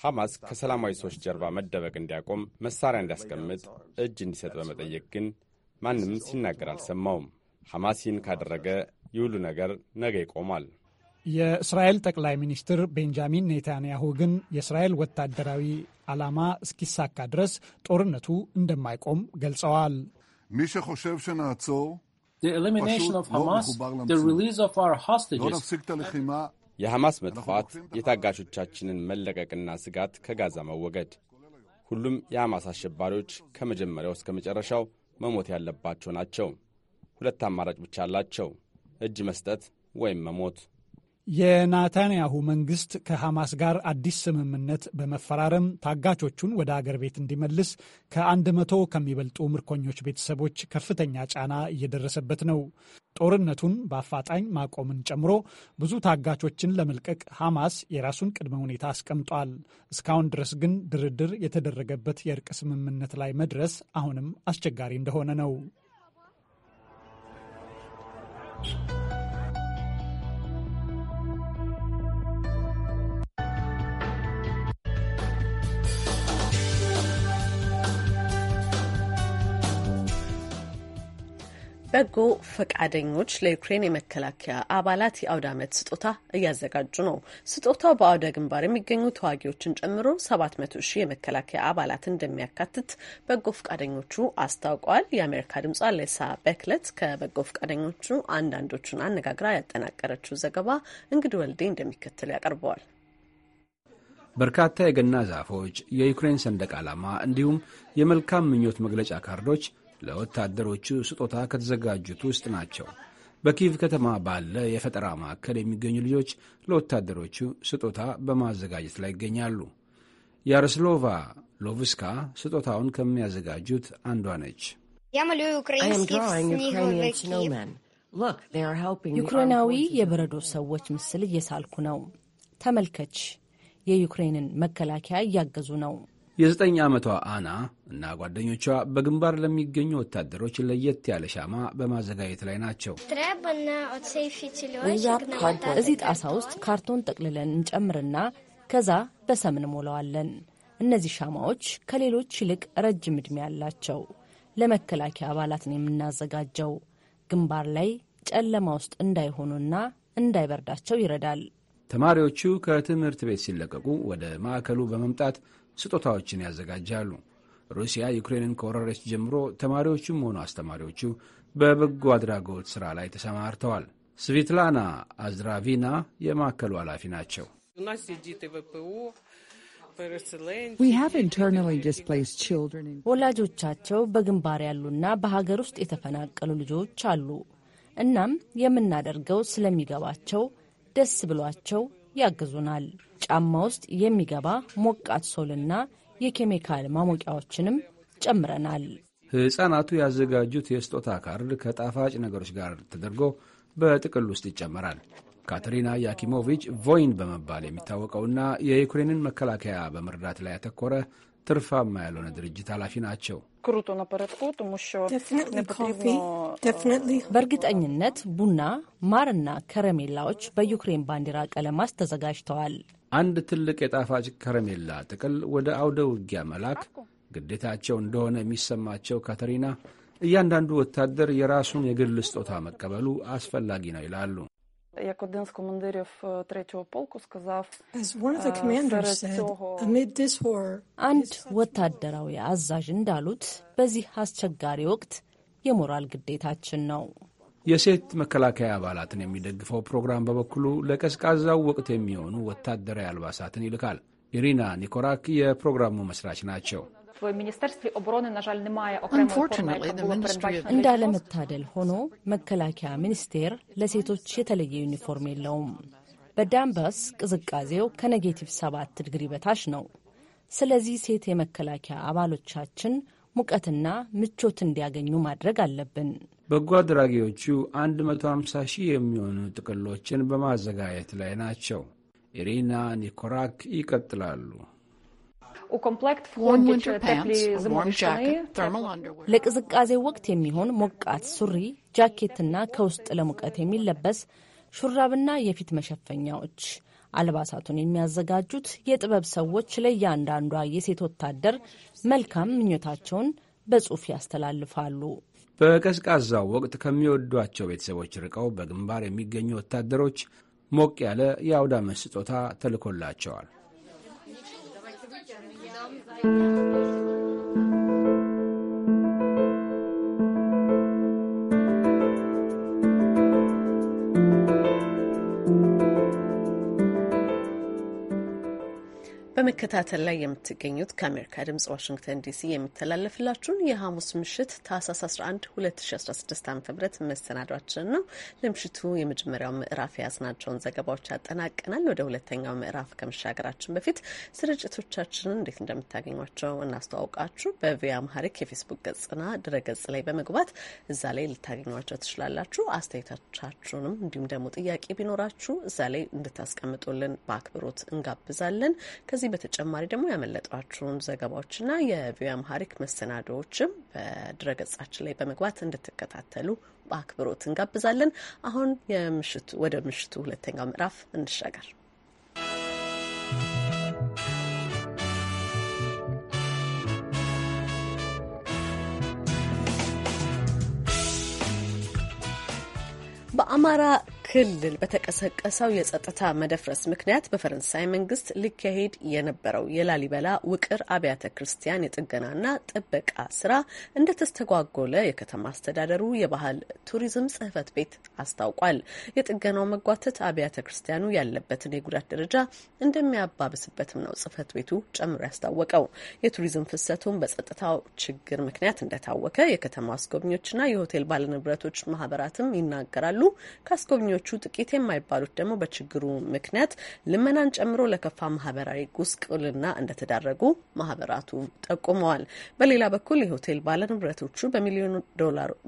ሐማስ ከሰላማዊ ሰዎች ጀርባ መደበቅ እንዲያቆም፣ መሳሪያ እንዲያስቀምጥ፣ እጅ እንዲሰጥ በመጠየቅ ግን ማንም ሲናገር አልሰማውም። ሐማስ ይህን ካደረገ ይህ ሁሉ ነገር ነገ ይቆማል። የእስራኤል ጠቅላይ ሚኒስትር ቤንጃሚን ኔታንያሁ ግን የእስራኤል ወታደራዊ ዓላማ እስኪሳካ ድረስ ጦርነቱ እንደማይቆም ገልጸዋል። የሐማስ መጥፋት፣ የታጋቾቻችንን መለቀቅና ስጋት ከጋዛ መወገድ፣ ሁሉም የሐማስ አሸባሪዎች ከመጀመሪያው እስከ መጨረሻው መሞት ያለባቸው ናቸው። ሁለት አማራጭ ብቻ አላቸው። እጅ መስጠት ወይም መሞት። የናታንያሁ መንግስት ከሐማስ ጋር አዲስ ስምምነት በመፈራረም ታጋቾቹን ወደ አገር ቤት እንዲመልስ ከአንድ መቶ ከሚበልጡ ምርኮኞች ቤተሰቦች ከፍተኛ ጫና እየደረሰበት ነው። ጦርነቱን በአፋጣኝ ማቆምን ጨምሮ ብዙ ታጋቾችን ለመልቀቅ ሐማስ የራሱን ቅድመ ሁኔታ አስቀምጧል። እስካሁን ድረስ ግን ድርድር የተደረገበት የእርቅ ስምምነት ላይ መድረስ አሁንም አስቸጋሪ እንደሆነ ነው። out. በጎ ፈቃደኞች ለዩክሬን የመከላከያ አባላት የአውደ ዓመት ስጦታ እያዘጋጁ ነው። ስጦታው በአውደ ግንባር የሚገኙ ተዋጊዎችን ጨምሮ 700 ሺህ የመከላከያ አባላት እንደሚያካትት በጎ ፈቃደኞቹ አስታውቀዋል። የአሜሪካ ድምጽ ሌሳ በክለት ከበጎ ፈቃደኞቹ አንዳንዶቹን አነጋግራ ያጠናቀረችው ዘገባ እንግድ ወልዴ እንደሚከተል ያቀርበዋል። በርካታ የገና ዛፎች፣ የዩክሬን ሰንደቅ ዓላማ እንዲሁም የመልካም ምኞት መግለጫ ካርዶች ለወታደሮቹ ስጦታ ከተዘጋጁት ውስጥ ናቸው። በኪቭ ከተማ ባለ የፈጠራ ማዕከል የሚገኙ ልጆች ለወታደሮቹ ስጦታ በማዘጋጀት ላይ ይገኛሉ። ያሮስሎቫ ሎቭስካ ስጦታውን ከሚያዘጋጁት አንዷ ነች። ዩክሬናዊ የበረዶ ሰዎች ምስል እየሳልኩ ነው። ተመልከች፣ የዩክሬንን መከላከያ እያገዙ ነው። የዘጠኝ ዓመቷ አና እና ጓደኞቿ በግንባር ለሚገኙ ወታደሮች ለየት ያለ ሻማ በማዘጋጀት ላይ ናቸው። እዚህ ጣሳ ውስጥ ካርቶን ጠቅልለን እንጨምርና ከዛ በሰም እንሞላዋለን። እነዚህ ሻማዎች ከሌሎች ይልቅ ረጅም ዕድሜ ያላቸው ለመከላከያ አባላት ነው የምናዘጋጀው። ግንባር ላይ ጨለማ ውስጥ እንዳይሆኑና እንዳይበርዳቸው ይረዳል። ተማሪዎቹ ከትምህርት ቤት ሲለቀቁ ወደ ማዕከሉ በመምጣት ስጦታዎችን ያዘጋጃሉ። ሩሲያ ዩክሬንን ከወረረች ጀምሮ ተማሪዎቹም ሆኑ አስተማሪዎቹ በበጎ አድራጎት ሥራ ላይ ተሰማርተዋል። ስቪትላና አዝራቪና የማዕከሉ ኃላፊ ናቸው። ወላጆቻቸው በግንባር ያሉና በሀገር ውስጥ የተፈናቀሉ ልጆች አሉ። እናም የምናደርገው ስለሚገባቸው ደስ ብሏቸው ያግዙናል። ጫማ ውስጥ የሚገባ ሞቃት ሶልና የኬሚካል ማሞቂያዎችንም ጨምረናል። ሕፃናቱ ያዘጋጁት የስጦታ ካርድ ከጣፋጭ ነገሮች ጋር ተደርጎ በጥቅል ውስጥ ይጨመራል። ካተሪና ያኪሞቪች ቮይን በመባል የሚታወቀውና የዩክሬንን መከላከያ በመርዳት ላይ ያተኮረ ትርፋማ ያልሆነ ድርጅት ኃላፊ ናቸው። በእርግጠኝነት ቡና፣ ማርና ከረሜላዎች በዩክሬን ባንዲራ ቀለማት ተዘጋጅተዋል። አንድ ትልቅ የጣፋጭ ከረሜላ ጥቅል ወደ አውደ ውጊያ መላክ ግዴታቸው እንደሆነ የሚሰማቸው ካተሪና እያንዳንዱ ወታደር የራሱን የግል ስጦታ መቀበሉ አስፈላጊ ነው ይላሉ። Як один з командирів третього полку сказав, አንድ ወታደራዊ አዛዥ እንዳሉት በዚህ አስቸጋሪ ወቅት የሞራል ግዴታችን ነው። የሴት መከላከያ አባላትን የሚደግፈው ፕሮግራም በበኩሉ ለቀዝቃዛው ወቅት የሚሆኑ ወታደራዊ አልባሳትን ይልካል። ኢሪና ኒኮራክ የፕሮግራሙ መስራች ናቸው። в міністерстві оборони на жаль немає окремої እንዳለመታደል ሆኖ መከላከያ ሚኒስቴር ለሴቶች የተለየ ዩኒፎርም የለውም። በዳንባስ ቅዝቃዜው ከኔጌቲቭ ሰባት ድግሪ በታች ነው። ስለዚህ ሴት የመከላከያ አባሎቻችን ሙቀትና ምቾት እንዲያገኙ ማድረግ አለብን። በጎ አድራጊዎቹ 150 ሺህ የሚሆኑ ጥቅሎችን በማዘጋጀት ላይ ናቸው። ኢሪና ኒኮራክ ይቀጥላሉ። ለቅዝቃዜ ወቅት የሚሆን ሞቃት ሱሪ፣ ጃኬትና ከውስጥ ለሙቀት የሚለበስ ሹራብና የፊት መሸፈኛዎች። አልባሳቱን የሚያዘጋጁት የጥበብ ሰዎች ለእያንዳንዷ የሴት ወታደር መልካም ምኞታቸውን በጽሑፍ ያስተላልፋሉ። በቀዝቃዛው ወቅት ከሚወዷቸው ቤተሰቦች ርቀው በግንባር የሚገኙ ወታደሮች ሞቅ ያለ የአውዳመት ስጦታ ተልኮላቸዋል። 嗯。በመከታተል ላይ የምትገኙት ከአሜሪካ ድምጽ ዋሽንግተን ዲሲ የሚተላለፍላችሁን የሐሙስ ምሽት ታህሳስ 11 2016 ዓ ም መሰናዷችን ነው። ለምሽቱ የመጀመሪያው ምዕራፍ የያዝናቸውን ዘገባዎች ያጠናቀናል። ወደ ሁለተኛው ምዕራፍ ከመሻገራችን በፊት ስርጭቶቻችንን እንዴት እንደምታገኟቸው እናስተዋውቃችሁ። በቪያ ማሀሪክ የፌስቡክ ገጽና ድረገጽ ላይ በመግባት እዛ ላይ ልታገኟቸው ትችላላችሁ። አስተያየቶቻችሁንም እንዲሁም ደግሞ ጥያቄ ቢኖራችሁ እዛ ላይ እንድታስቀምጡልን በአክብሮት እንጋብዛለን። ከዚህ በተጨማሪ ደግሞ ያመለጧችሁን ዘገባዎችና የቪኦኤ አምሃሪክ መሰናዶዎችም በድረገጻችን ላይ በመግባት እንድትከታተሉ በአክብሮት እንጋብዛለን። አሁን የምሽቱ ወደ ምሽቱ ሁለተኛው ምዕራፍ እንሻገር። በአማራ ክልል በተቀሰቀሰው የጸጥታ መደፍረስ ምክንያት በፈረንሳይ መንግስት ሊካሄድ የነበረው የላሊበላ ውቅር አብያተ ክርስቲያን የጥገናና ጥበቃ ስራ እንደተስተጓጎለ የከተማ አስተዳደሩ የባህል ቱሪዝም ጽህፈት ቤት አስታውቋል። የጥገናው መጓተት አብያተ ክርስቲያኑ ያለበትን የጉዳት ደረጃ እንደሚያባብስበትም ነው ጽህፈት ቤቱ ጨምሮ ያስታወቀው። የቱሪዝም ፍሰቱን በጸጥታው ችግር ምክንያት እንደታወከ የከተማ አስጎብኚዎችና የሆቴል ባለንብረቶች ማህበራትም ይናገራሉ። ከአስጎብኚ ቀሪዎቹ ጥቂት የማይባሉት ደግሞ በችግሩ ምክንያት ልመናን ጨምሮ ለከፋ ማህበራዊ ጉስቁልና እንደተዳረጉ ማህበራቱ ጠቁመዋል። በሌላ በኩል የሆቴል ባለንብረቶቹ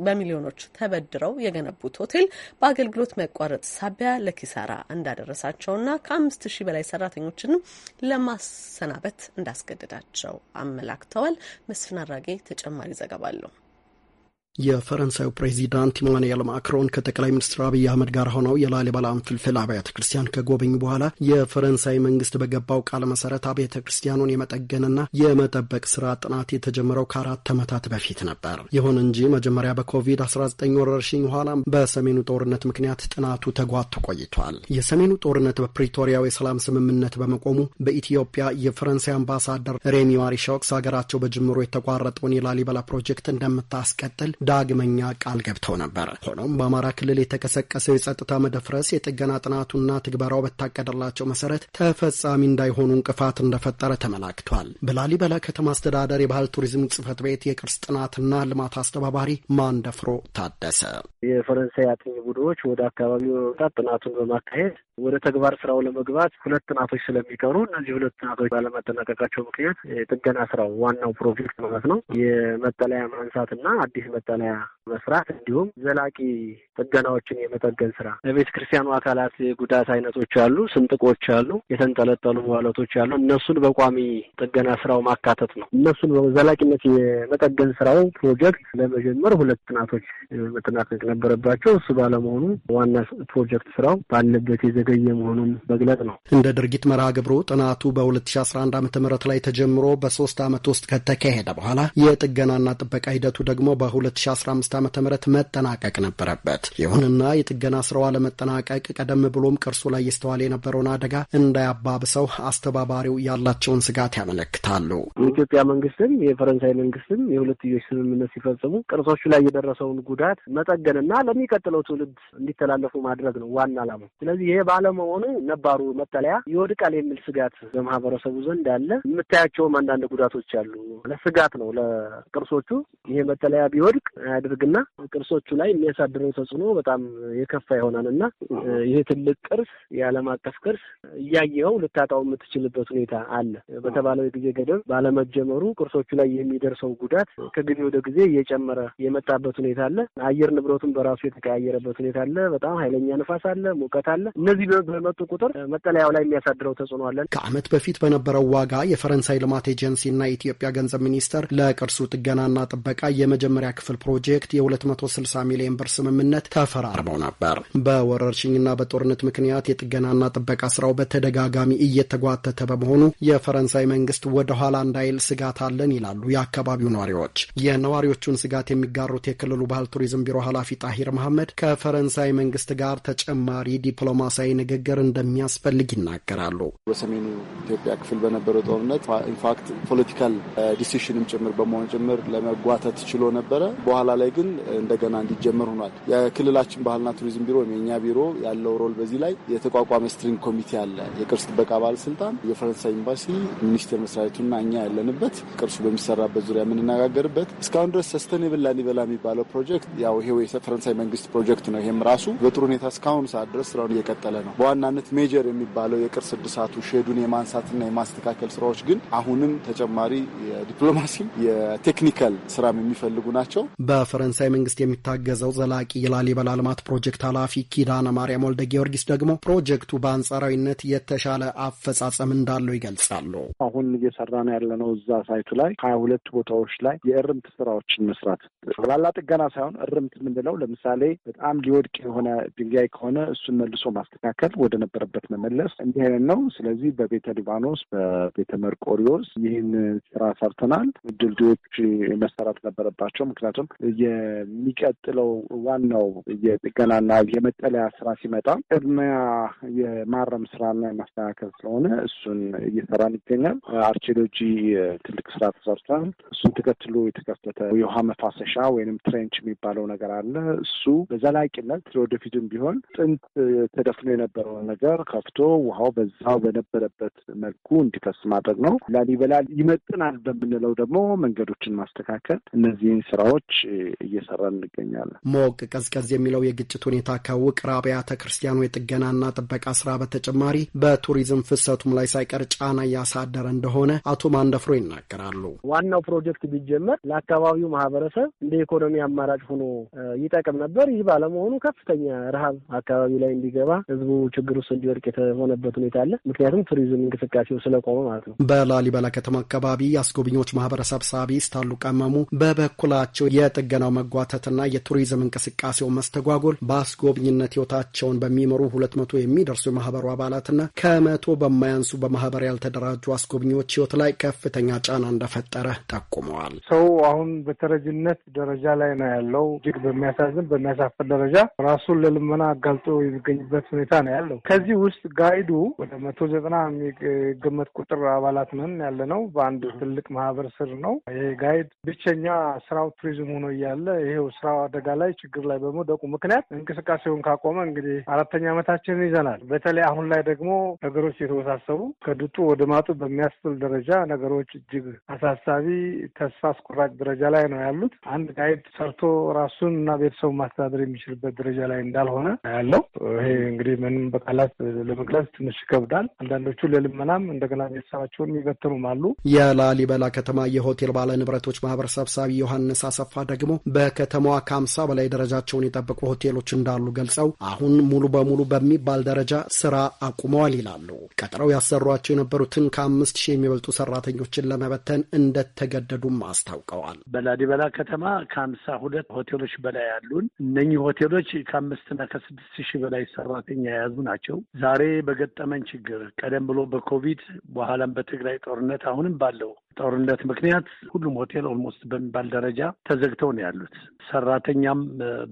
በሚሊዮኖች ተበድረው የገነቡት ሆቴል በአገልግሎት መቋረጥ ሳቢያ ለኪሳራ እንዳደረሳቸውና ከአምስት ሺህ በላይ ሰራተኞችንም ለማሰናበት እንዳስገደዳቸው አመላክተዋል። መስፍን አራጌ ተጨማሪ ዘገባ አለው። የፈረንሳዩ ፕሬዚዳንት ኢማኑኤል ማክሮን ከጠቅላይ ሚኒስትር አብይ አህመድ ጋር ሆነው የላሊበላን ፍልፍል አብያተ ክርስቲያን ከጎበኙ በኋላ የፈረንሳይ መንግስት በገባው ቃል መሰረት አብያተ ክርስቲያኑን የመጠገንና የመጠበቅ ስራ ጥናት የተጀመረው ከአራት ዓመታት በፊት ነበር። ይሁን እንጂ መጀመሪያ በኮቪድ-19 ወረርሽኝ ኋላም በሰሜኑ ጦርነት ምክንያት ጥናቱ ተጓቶ ቆይቷል። የሰሜኑ ጦርነት በፕሪቶሪያው የሰላም ስምምነት በመቆሙ በኢትዮጵያ የፈረንሳይ አምባሳደር ሬሚ ዋሪሾክስ ሀገራቸው በጅምሮ የተቋረጠውን የላሊበላ ፕሮጀክት እንደምታስቀጥል ዳግመኛ ቃል ገብተው ነበር። ሆኖም በአማራ ክልል የተቀሰቀሰው የጸጥታ መደፍረስ የጥገና ጥናቱና ትግበራው በታቀደላቸው መሰረት ተፈጻሚ እንዳይሆኑ እንቅፋት እንደፈጠረ ተመላክቷል። በላሊበላ ከተማ አስተዳደር የባህል ቱሪዝም ጽፈት ቤት የቅርስ ጥናትና ልማት አስተባባሪ ማንደፍሮ ታደሰ የፈረንሳይ አጥኚ ቡድኖች ወደ አካባቢው በመምጣት ጥናቱን በማካሄድ ወደ ተግባር ስራው ለመግባት ሁለት ጥናቶች ስለሚቀሩ እነዚህ ሁለት ጥናቶች ባለመጠናቀቃቸው ምክንያት የጥገና ስራው ዋናው ፕሮጀክት ማለት ነው የመጠለያ ማንሳትና አዲስ መጠ ማጠናያ መስራት እንዲሁም ዘላቂ ጥገናዎችን የመጠገን ስራ ለቤተ ክርስቲያኑ አካላት የጉዳት አይነቶች አሉ፣ ስንጥቆች አሉ፣ የተንጠለጠሉ ዋለቶች አሉ። እነሱን በቋሚ ጥገና ስራው ማካተት ነው። እነሱን ዘላቂነት የመጠገን ስራው ፕሮጀክት ለመጀመር ሁለት ጥናቶች መጠናቀቅ ነበረባቸው። እሱ ባለመሆኑ ዋና ፕሮጀክት ስራው ባለበት የዘገየ መሆኑን መግለጽ ነው። እንደ ድርጊት መርሃ ግብሩ ጥናቱ በ2011 ዓ ም ላይ ተጀምሮ በሶስት ዓመት ውስጥ ከተካሄደ በኋላ የጥገናና ጥበቃ ሂደቱ ደግሞ በ 2015 ዓ ም መጠናቀቅ ነበረበት። ይሁንና የጥገና ስራዋ ለመጠናቀቅ ቀደም ብሎም ቅርሱ ላይ ይስተዋል የነበረውን አደጋ እንዳያባብሰው አስተባባሪው ያላቸውን ስጋት ያመለክታሉ። የኢትዮጵያ መንግስትም የፈረንሳይ መንግስትም የሁለትዮሽ ስምምነት ሲፈጽሙ ቅርሶቹ ላይ የደረሰውን ጉዳት መጠገንና ለሚቀጥለው ትውልድ እንዲተላለፉ ማድረግ ነው ዋና ዓላማው። ስለዚህ ይሄ ባለመሆኑ ነባሩ መጠለያ ይወድቃል የሚል ስጋት በማህበረሰቡ ዘንድ አለ። የምታያቸውም አንዳንድ ጉዳቶች አሉ። ስጋት ነው ለቅርሶቹ ይሄ መጠለያ ቢወድቅ አያድርግና ቅርሶቹ ላይ የሚያሳድረው ተጽዕኖ በጣም የከፋ ይሆናል እና ይህ ትልቅ ቅርስ የዓለም አቀፍ ቅርስ እያየኸው ልታጣው የምትችልበት ሁኔታ አለ። በተባለው የጊዜ ገደብ ባለመጀመሩ ቅርሶቹ ላይ የሚደርሰው ጉዳት ከጊዜ ወደ ጊዜ እየጨመረ የመጣበት ሁኔታ አለ። አየር ንብረቱን በራሱ የተቀያየረበት ሁኔታ አለ። በጣም ኃይለኛ ንፋስ አለ፣ ሙቀት አለ። እነዚህ በመጡ ቁጥር መጠለያው ላይ የሚያሳድረው ተጽዕኖ አለን። ከዓመት በፊት በነበረው ዋጋ የፈረንሳይ ልማት ኤጀንሲ እና የኢትዮጵያ ገንዘብ ሚኒስቴር ለቅርሱ ጥገናና ጥበቃ የመጀመሪያ ክፍል ፕሮጀክት የ260 ሚሊዮን ብር ስምምነት ተፈራርመው ነበር። በወረርሽኝና በጦርነት ምክንያት የጥገናና ጥበቃ ስራው በተደጋጋሚ እየተጓተተ በመሆኑ የፈረንሳይ መንግስት ወደ ኋላ እንዳይል ስጋት አለን ይላሉ የአካባቢው ነዋሪዎች። የነዋሪዎቹን ስጋት የሚጋሩት የክልሉ ባህል ቱሪዝም ቢሮ ኃላፊ ጣሂር መሐመድ ከፈረንሳይ መንግስት ጋር ተጨማሪ ዲፕሎማሲያዊ ንግግር እንደሚያስፈልግ ይናገራሉ። በሰሜኑ ኢትዮጵያ ክፍል በነበረው ጦርነት ኢንፋክት ፖለቲካል ዲሲሽንም ጭምር በመሆን ጭምር ለመጓተት ችሎ ነበረ። በኋላ ላይ ግን እንደገና እንዲጀመር ሆኗል። የክልላችን ባህልና ቱሪዝም ቢሮ ወይም ቢሮ ያለው ሮል በዚህ ላይ የተቋቋመ ስትሪንግ ኮሚቴ አለ። የቅርስ ጥበቃ ባለስልጣን፣ የፈረንሳይ ኤምባሲ፣ ሚኒስቴር መስሪያ ቤቱና እኛ ያለንበት ቅርሱ በሚሰራበት ዙሪያ የምንነጋገርበት እስካሁን ድረስ ሰስተኔብል ላሊበላ የሚባለው ፕሮጀክት ያው ይሄ ፈረንሳይ መንግስት ፕሮጀክት ነው። ይህም ራሱ በጥሩ ሁኔታ እስካሁን ሰዓት ድረስ ስራውን እየቀጠለ ነው። በዋናነት ሜጀር የሚባለው የቅርስ እድሳቱ ሼዱን የማንሳትና የማስተካከል ስራዎች ግን አሁንም ተጨማሪ የዲፕሎማሲም የቴክኒካል ስራም የሚፈልጉ ናቸው። በፈረንሳይ መንግስት የሚታገዘው ዘላቂ የላሊበላ ልማት ፕሮጀክት ኃላፊ ኪዳነ ማርያም ወልደ ጊዮርጊስ ደግሞ ፕሮጀክቱ በአንጻራዊነት የተሻለ አፈጻጸም እንዳለው ይገልጻሉ። አሁን እየሰራ ነው ያለነው እዛ ሳይቱ ላይ ሀያ ሁለት ቦታዎች ላይ የእርምት ስራዎችን መስራት ጠቅላላ ጥገና ሳይሆን እርምት የምንለው ለምሳሌ በጣም ሊወድቅ የሆነ ድንጋይ ከሆነ እሱን መልሶ ማስተካከል፣ ወደ ነበረበት መመለስ እንዲህ አይነት ነው። ስለዚህ በቤተ ሊባኖስ፣ በቤተ መርቆሪዎስ ይህን ስራ ሰርተናል። ድልድዮች መሰራት ነበረባቸው ምክንያቱም ምክንያቱም የሚቀጥለው ዋናው የጥገናና የመጠለያ ስራ ሲመጣ ቅድሚያ የማረም ስራና የማስተካከል ስለሆነ እሱን እየሰራን ይገኛል። አርኪኦሎጂ ትልቅ ስራ ተሰርቷል። እሱን ተከትሎ የተከፈተ የውሃ መፋሰሻ ወይንም ትሬንች የሚባለው ነገር አለ። እሱ በዘላቂነት ወደፊትም ቢሆን ጥንት ተደፍኖ የነበረውን ነገር ከፍቶ ውሃው በዛው በነበረበት መልኩ እንዲፈስ ማድረግ ነው። ላሊበላ ይመጥናል በምንለው ደግሞ መንገዶችን ማስተካከል እነዚህን ስራዎች እየሰራ እንገኛለን። ሞቅ ቀዝቀዝ የሚለው የግጭት ሁኔታ ከውቅር አብያተ ክርስቲያኑ የጥገናና ጥበቃ ስራ በተጨማሪ በቱሪዝም ፍሰቱም ላይ ሳይቀር ጫና እያሳደረ እንደሆነ አቶ ማንደፍሮ ይናገራሉ። ዋናው ፕሮጀክት ቢጀመር ለአካባቢው ማህበረሰብ እንደ ኢኮኖሚ አማራጭ ሆኖ ይጠቅም ነበር። ይህ ባለመሆኑ ከፍተኛ ረሃብ አካባቢው ላይ እንዲገባ ህዝቡ ችግር ውስጥ እንዲወድቅ የተሆነበት ሁኔታ አለ። ምክንያቱም ቱሪዝም እንቅስቃሴው ስለቆመ ማለት ነው። በላሊበላ ከተማ አካባቢ የአስጎብኞች ማህበረሰብ ሳቢ ስታሉ ቀመሙ በበኩላቸው የጥገናው መጓተትና የቱሪዝም እንቅስቃሴው መስተጓጎል በአስጎብኝነት ህይወታቸውን በሚመሩ ሁለት መቶ የሚደርሱ የማህበሩ አባላትና ከመቶ በማያንሱ በማህበር ያልተደራጁ አስጎብኚዎች ህይወት ላይ ከፍተኛ ጫና እንደፈጠረ ጠቁመዋል። ሰው አሁን በተረጅነት ደረጃ ላይ ነው ያለው። እጅግ በሚያሳዝን በሚያሳፍር ደረጃ ራሱን ለልመና አጋልጦ የሚገኝበት ሁኔታ ነው ያለው። ከዚህ ውስጥ ጋይዱ ወደ መቶ ዘጠና የሚገመት ቁጥር አባላት ነን ያለ ነው። በአንድ ትልቅ ማህበር ስር ነው ይሄ ጋይድ ብቸኛ ስራው ቱሪዝሙ ሆኖ እያለ ይሄው ስራው አደጋ ላይ ችግር ላይ በመውደቁ ምክንያት እንቅስቃሴውን ካቆመ እንግዲህ አራተኛ ዓመታችንን ይዘናል። በተለይ አሁን ላይ ደግሞ ነገሮች የተወሳሰቡ ከድጡ ወደ ማጡ በሚያስብል ደረጃ ነገሮች እጅግ አሳሳቢ፣ ተስፋ አስቆራጭ ደረጃ ላይ ነው ያሉት። አንድ ጋይድ ሰርቶ ራሱን እና ቤተሰቡን ማስተዳደር የሚችልበት ደረጃ ላይ እንዳልሆነ ያለው ይሄ እንግዲህ ምንም በቃላት ለመግለጽ ትንሽ ይከብዳል። አንዳንዶቹ ለልመናም እንደገና ቤተሰባቸውን ይበትኑም አሉ። የላሊበላ ከተማ የሆቴል ባለንብረቶች ማህበር ሰብሳቢ ዮሐንስ አሰፋ ደግሞ በከተማዋ ከአምሳ በላይ ደረጃቸውን የጠበቁ ሆቴሎች እንዳሉ ገልጸው አሁን ሙሉ በሙሉ በሚባል ደረጃ ስራ አቁመዋል ይላሉ። ቀጥረው ያሰሯቸው የነበሩትን ከአምስት ሺህ የሚበልጡ ሰራተኞችን ለመበተን እንደተገደዱም አስታውቀዋል። በላሊበላ ከተማ ከአምሳ ሁለት ሆቴሎች በላይ ያሉን እነኚህ ሆቴሎች ከአምስትና ከስድስት ሺህ በላይ ሰራተኛ የያዙ ናቸው። ዛሬ በገጠመን ችግር ቀደም ብሎ በኮቪድ በኋላም በትግራይ ጦርነት አሁንም ባለው ጦርነት ምክንያት ሁሉም ሆቴል ኦልሞስት በሚባል ደረጃ ተዘግተው ነው ያሉት። ሰራተኛም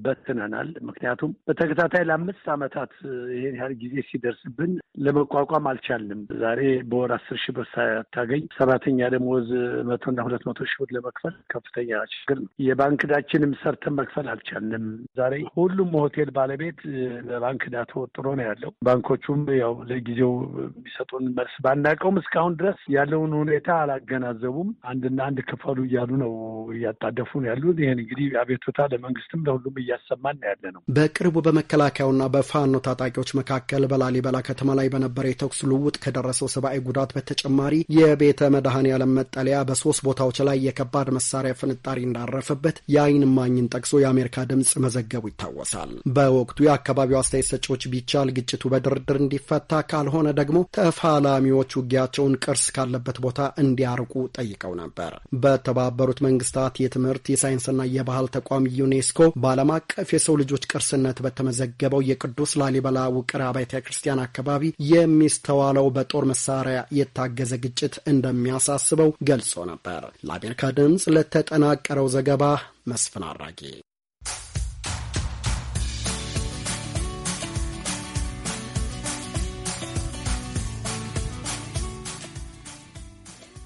በትነናል። ምክንያቱም በተከታታይ ለአምስት ዓመታት ይሄን ያህል ጊዜ ሲደርስብን ለመቋቋም አልቻልንም። ዛሬ በወር አስር ሺህ ብር ሳታገኝ ሰራተኛ ደሞዝ መቶና ሁለት መቶ ሺህ ብር ለመክፈል ከፍተኛ ችግር ነው። የባንክ ዕዳችንም ሰርተን መክፈል አልቻልንም። ዛሬ ሁሉም ሆቴል ባለቤት በባንክ ዕዳ ተወጥሮ ነው ያለው። ባንኮቹም ያው ለጊዜው የሚሰጡን መልስ ባናቀውም እስካሁን ድረስ ያለውን ሁኔታ አላገና አይታዘቡም፣ አንድና አንድ ክፈሉ እያሉ ነው እያጣደፉ ነው ያሉት። ይህን እንግዲህ አቤቱታ ለመንግስትም ለሁሉም እያሰማን ያለ ነው። በቅርቡ በመከላከያውና በፋኖ ታጣቂዎች መካከል በላሊበላ ከተማ ላይ በነበረ የተኩስ ልውውጥ ከደረሰው ሰብአዊ ጉዳት በተጨማሪ የቤተ መድኃኔ ዓለም መጠለያ በሶስት ቦታዎች ላይ የከባድ መሳሪያ ፍንጣሪ እንዳረፈበት የአይን ማኝን ጠቅሶ የአሜሪካ ድምፅ መዘገቡ ይታወሳል። በወቅቱ የአካባቢው አስተያየት ሰጪዎች ቢቻል ግጭቱ በድርድር እንዲፈታ ካልሆነ ደግሞ ተፋላሚዎች ውጊያቸውን ቅርስ ካለበት ቦታ እንዲያርቁ ጠይቀው ነበር። በተባበሩት መንግስታት የትምህርት የሳይንስና የባህል ተቋም ዩኔስኮ በዓለም አቀፍ የሰው ልጆች ቅርስነት በተመዘገበው የቅዱስ ላሊበላ ውቅር አብያተ ክርስቲያን አካባቢ የሚስተዋለው በጦር መሳሪያ የታገዘ ግጭት እንደሚያሳስበው ገልጾ ነበር። ለአሜሪካ ድምፅ ለተጠናቀረው ዘገባ መስፍን አራጌ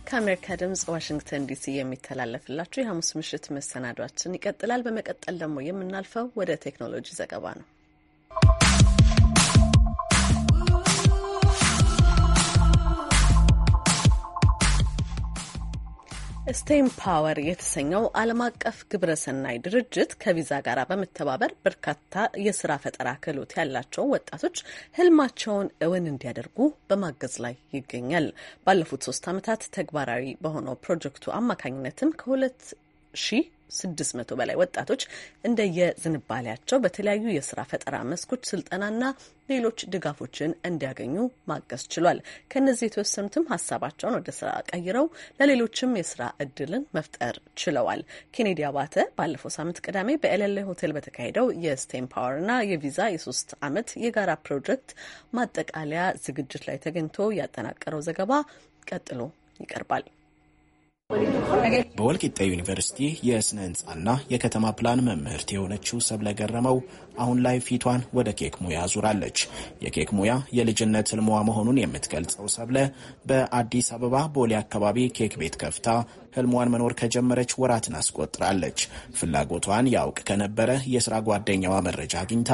ከአሜሪካ ድምጽ ዋሽንግተን ዲሲ የሚተላለፍላችሁ የሐሙስ ምሽት መሰናዷችን ይቀጥላል። በመቀጠል ደግሞ የምናልፈው ወደ ቴክኖሎጂ ዘገባ ነው። ስቴም ፓወር የተሰኘው ዓለም አቀፍ ግብረሰናይ ድርጅት ከቪዛ ጋር በመተባበር በርካታ የስራ ፈጠራ ክህሎት ያላቸውን ወጣቶች ህልማቸውን እውን እንዲያደርጉ በማገዝ ላይ ይገኛል። ባለፉት ሶስት ዓመታት ተግባራዊ በሆነው ፕሮጀክቱ አማካኝነትም ከሁለት ሺህ ስድስት መቶ በላይ ወጣቶች እንደየዝንባሌያቸው በተለያዩ የስራ ፈጠራ መስኮች ስልጠናና ሌሎች ድጋፎችን እንዲያገኙ ማገዝ ችሏል። ከእነዚህ የተወሰኑትም ሀሳባቸውን ወደ ስራ ቀይረው ለሌሎችም የስራ እድልን መፍጠር ችለዋል። ኬኔዲ አባተ ባለፈው ሳምንት ቅዳሜ በኤለለ ሆቴል በተካሄደው የስቴም ፓወርና የቪዛ የሶስት አመት የጋራ ፕሮጀክት ማጠቃለያ ዝግጅት ላይ ተገኝቶ ያጠናቀረው ዘገባ ቀጥሎ ይቀርባል። በወልቂጤ ዩኒቨርሲቲ የስነ ህንፃና የከተማ ፕላን መምህርት የሆነችው ሰብለ ገረመው አሁን ላይ ፊቷን ወደ ኬክ ሙያ ዙራለች። የኬክ ሙያ የልጅነት ህልሟ መሆኑን የምትገልጸው ሰብለ በአዲስ አበባ ቦሌ አካባቢ ኬክ ቤት ከፍታ ህልሟን መኖር ከጀመረች ወራትን አስቆጥራለች። ፍላጎቷን ያውቅ ከነበረ የስራ ጓደኛዋ መረጃ አግኝታ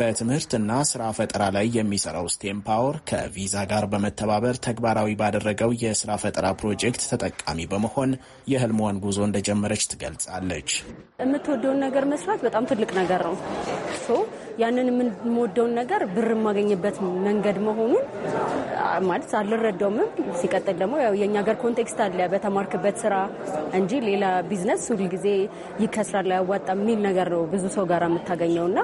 በትምህርትና ስራ ፈጠራ ላይ የሚሰራው ስቴም ፓወር ከቪዛ ጋር በመተባበር ተግባራዊ ባደረገው የስራ ፈጠራ ፕሮጀክት ተጠቃሚ በመሆን የህልሟን ጉዞ እንደጀመረች ትገልጻለች። የምትወደውን ነገር መስራት በጣም ትልቅ ነገር ነው። ያንን የምንወደውን ነገር ብር የማገኝበት መንገድ መሆኑን ማለት አልረዳውም። ሲቀጥል ደግሞ የእኛ ሀገር ኮንቴክስት አለ። በተማርክበት ስራ እንጂ ሌላ ቢዝነስ ሁልጊዜ ይከስራል፣ አያዋጣ የሚል ነገር ነው ብዙ ሰው ጋር የምታገኘው እና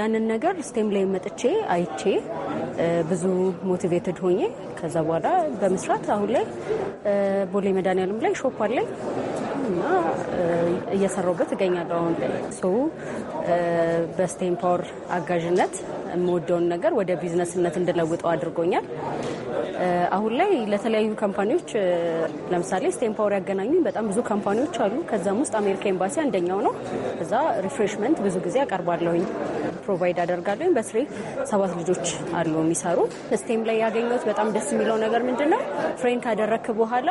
ያንን ነገር ስቴም ላይ መጥቼ አይቼ ብዙ ሞቲቬትድ ሆኜ ከዛ በኋላ በመስራት አሁን ላይ ቦሌ መድኃኒዓለም ላይ ሾፕ አለኝ። እና እየሰራሁበት እገኛለሁ። አሁን ላይ ሰው በስቴም ፓወር አጋዥነት የምወደውን ነገር ወደ ቢዝነስነት እንድለውጠው አድርጎኛል። አሁን ላይ ለተለያዩ ካምፓኒዎች ለምሳሌ ስቴም ፓወር ያገናኙኝ በጣም ብዙ ካምፓኒዎች አሉ። ከዛም ውስጥ አሜሪካ ኤምባሲ አንደኛው ነው። እዛ ሪፍሬሽመንት ብዙ ጊዜ አቀርባለሁኝ። ፕሮቫይድ አደርጋለሁ። በስሬ ሰባት ልጆች አሉ የሚሰሩ። ስቴም ላይ ያገኘሁት በጣም ደስ የሚለው ነገር ምንድን ነው፣ ፍሬን ካደረክ በኋላ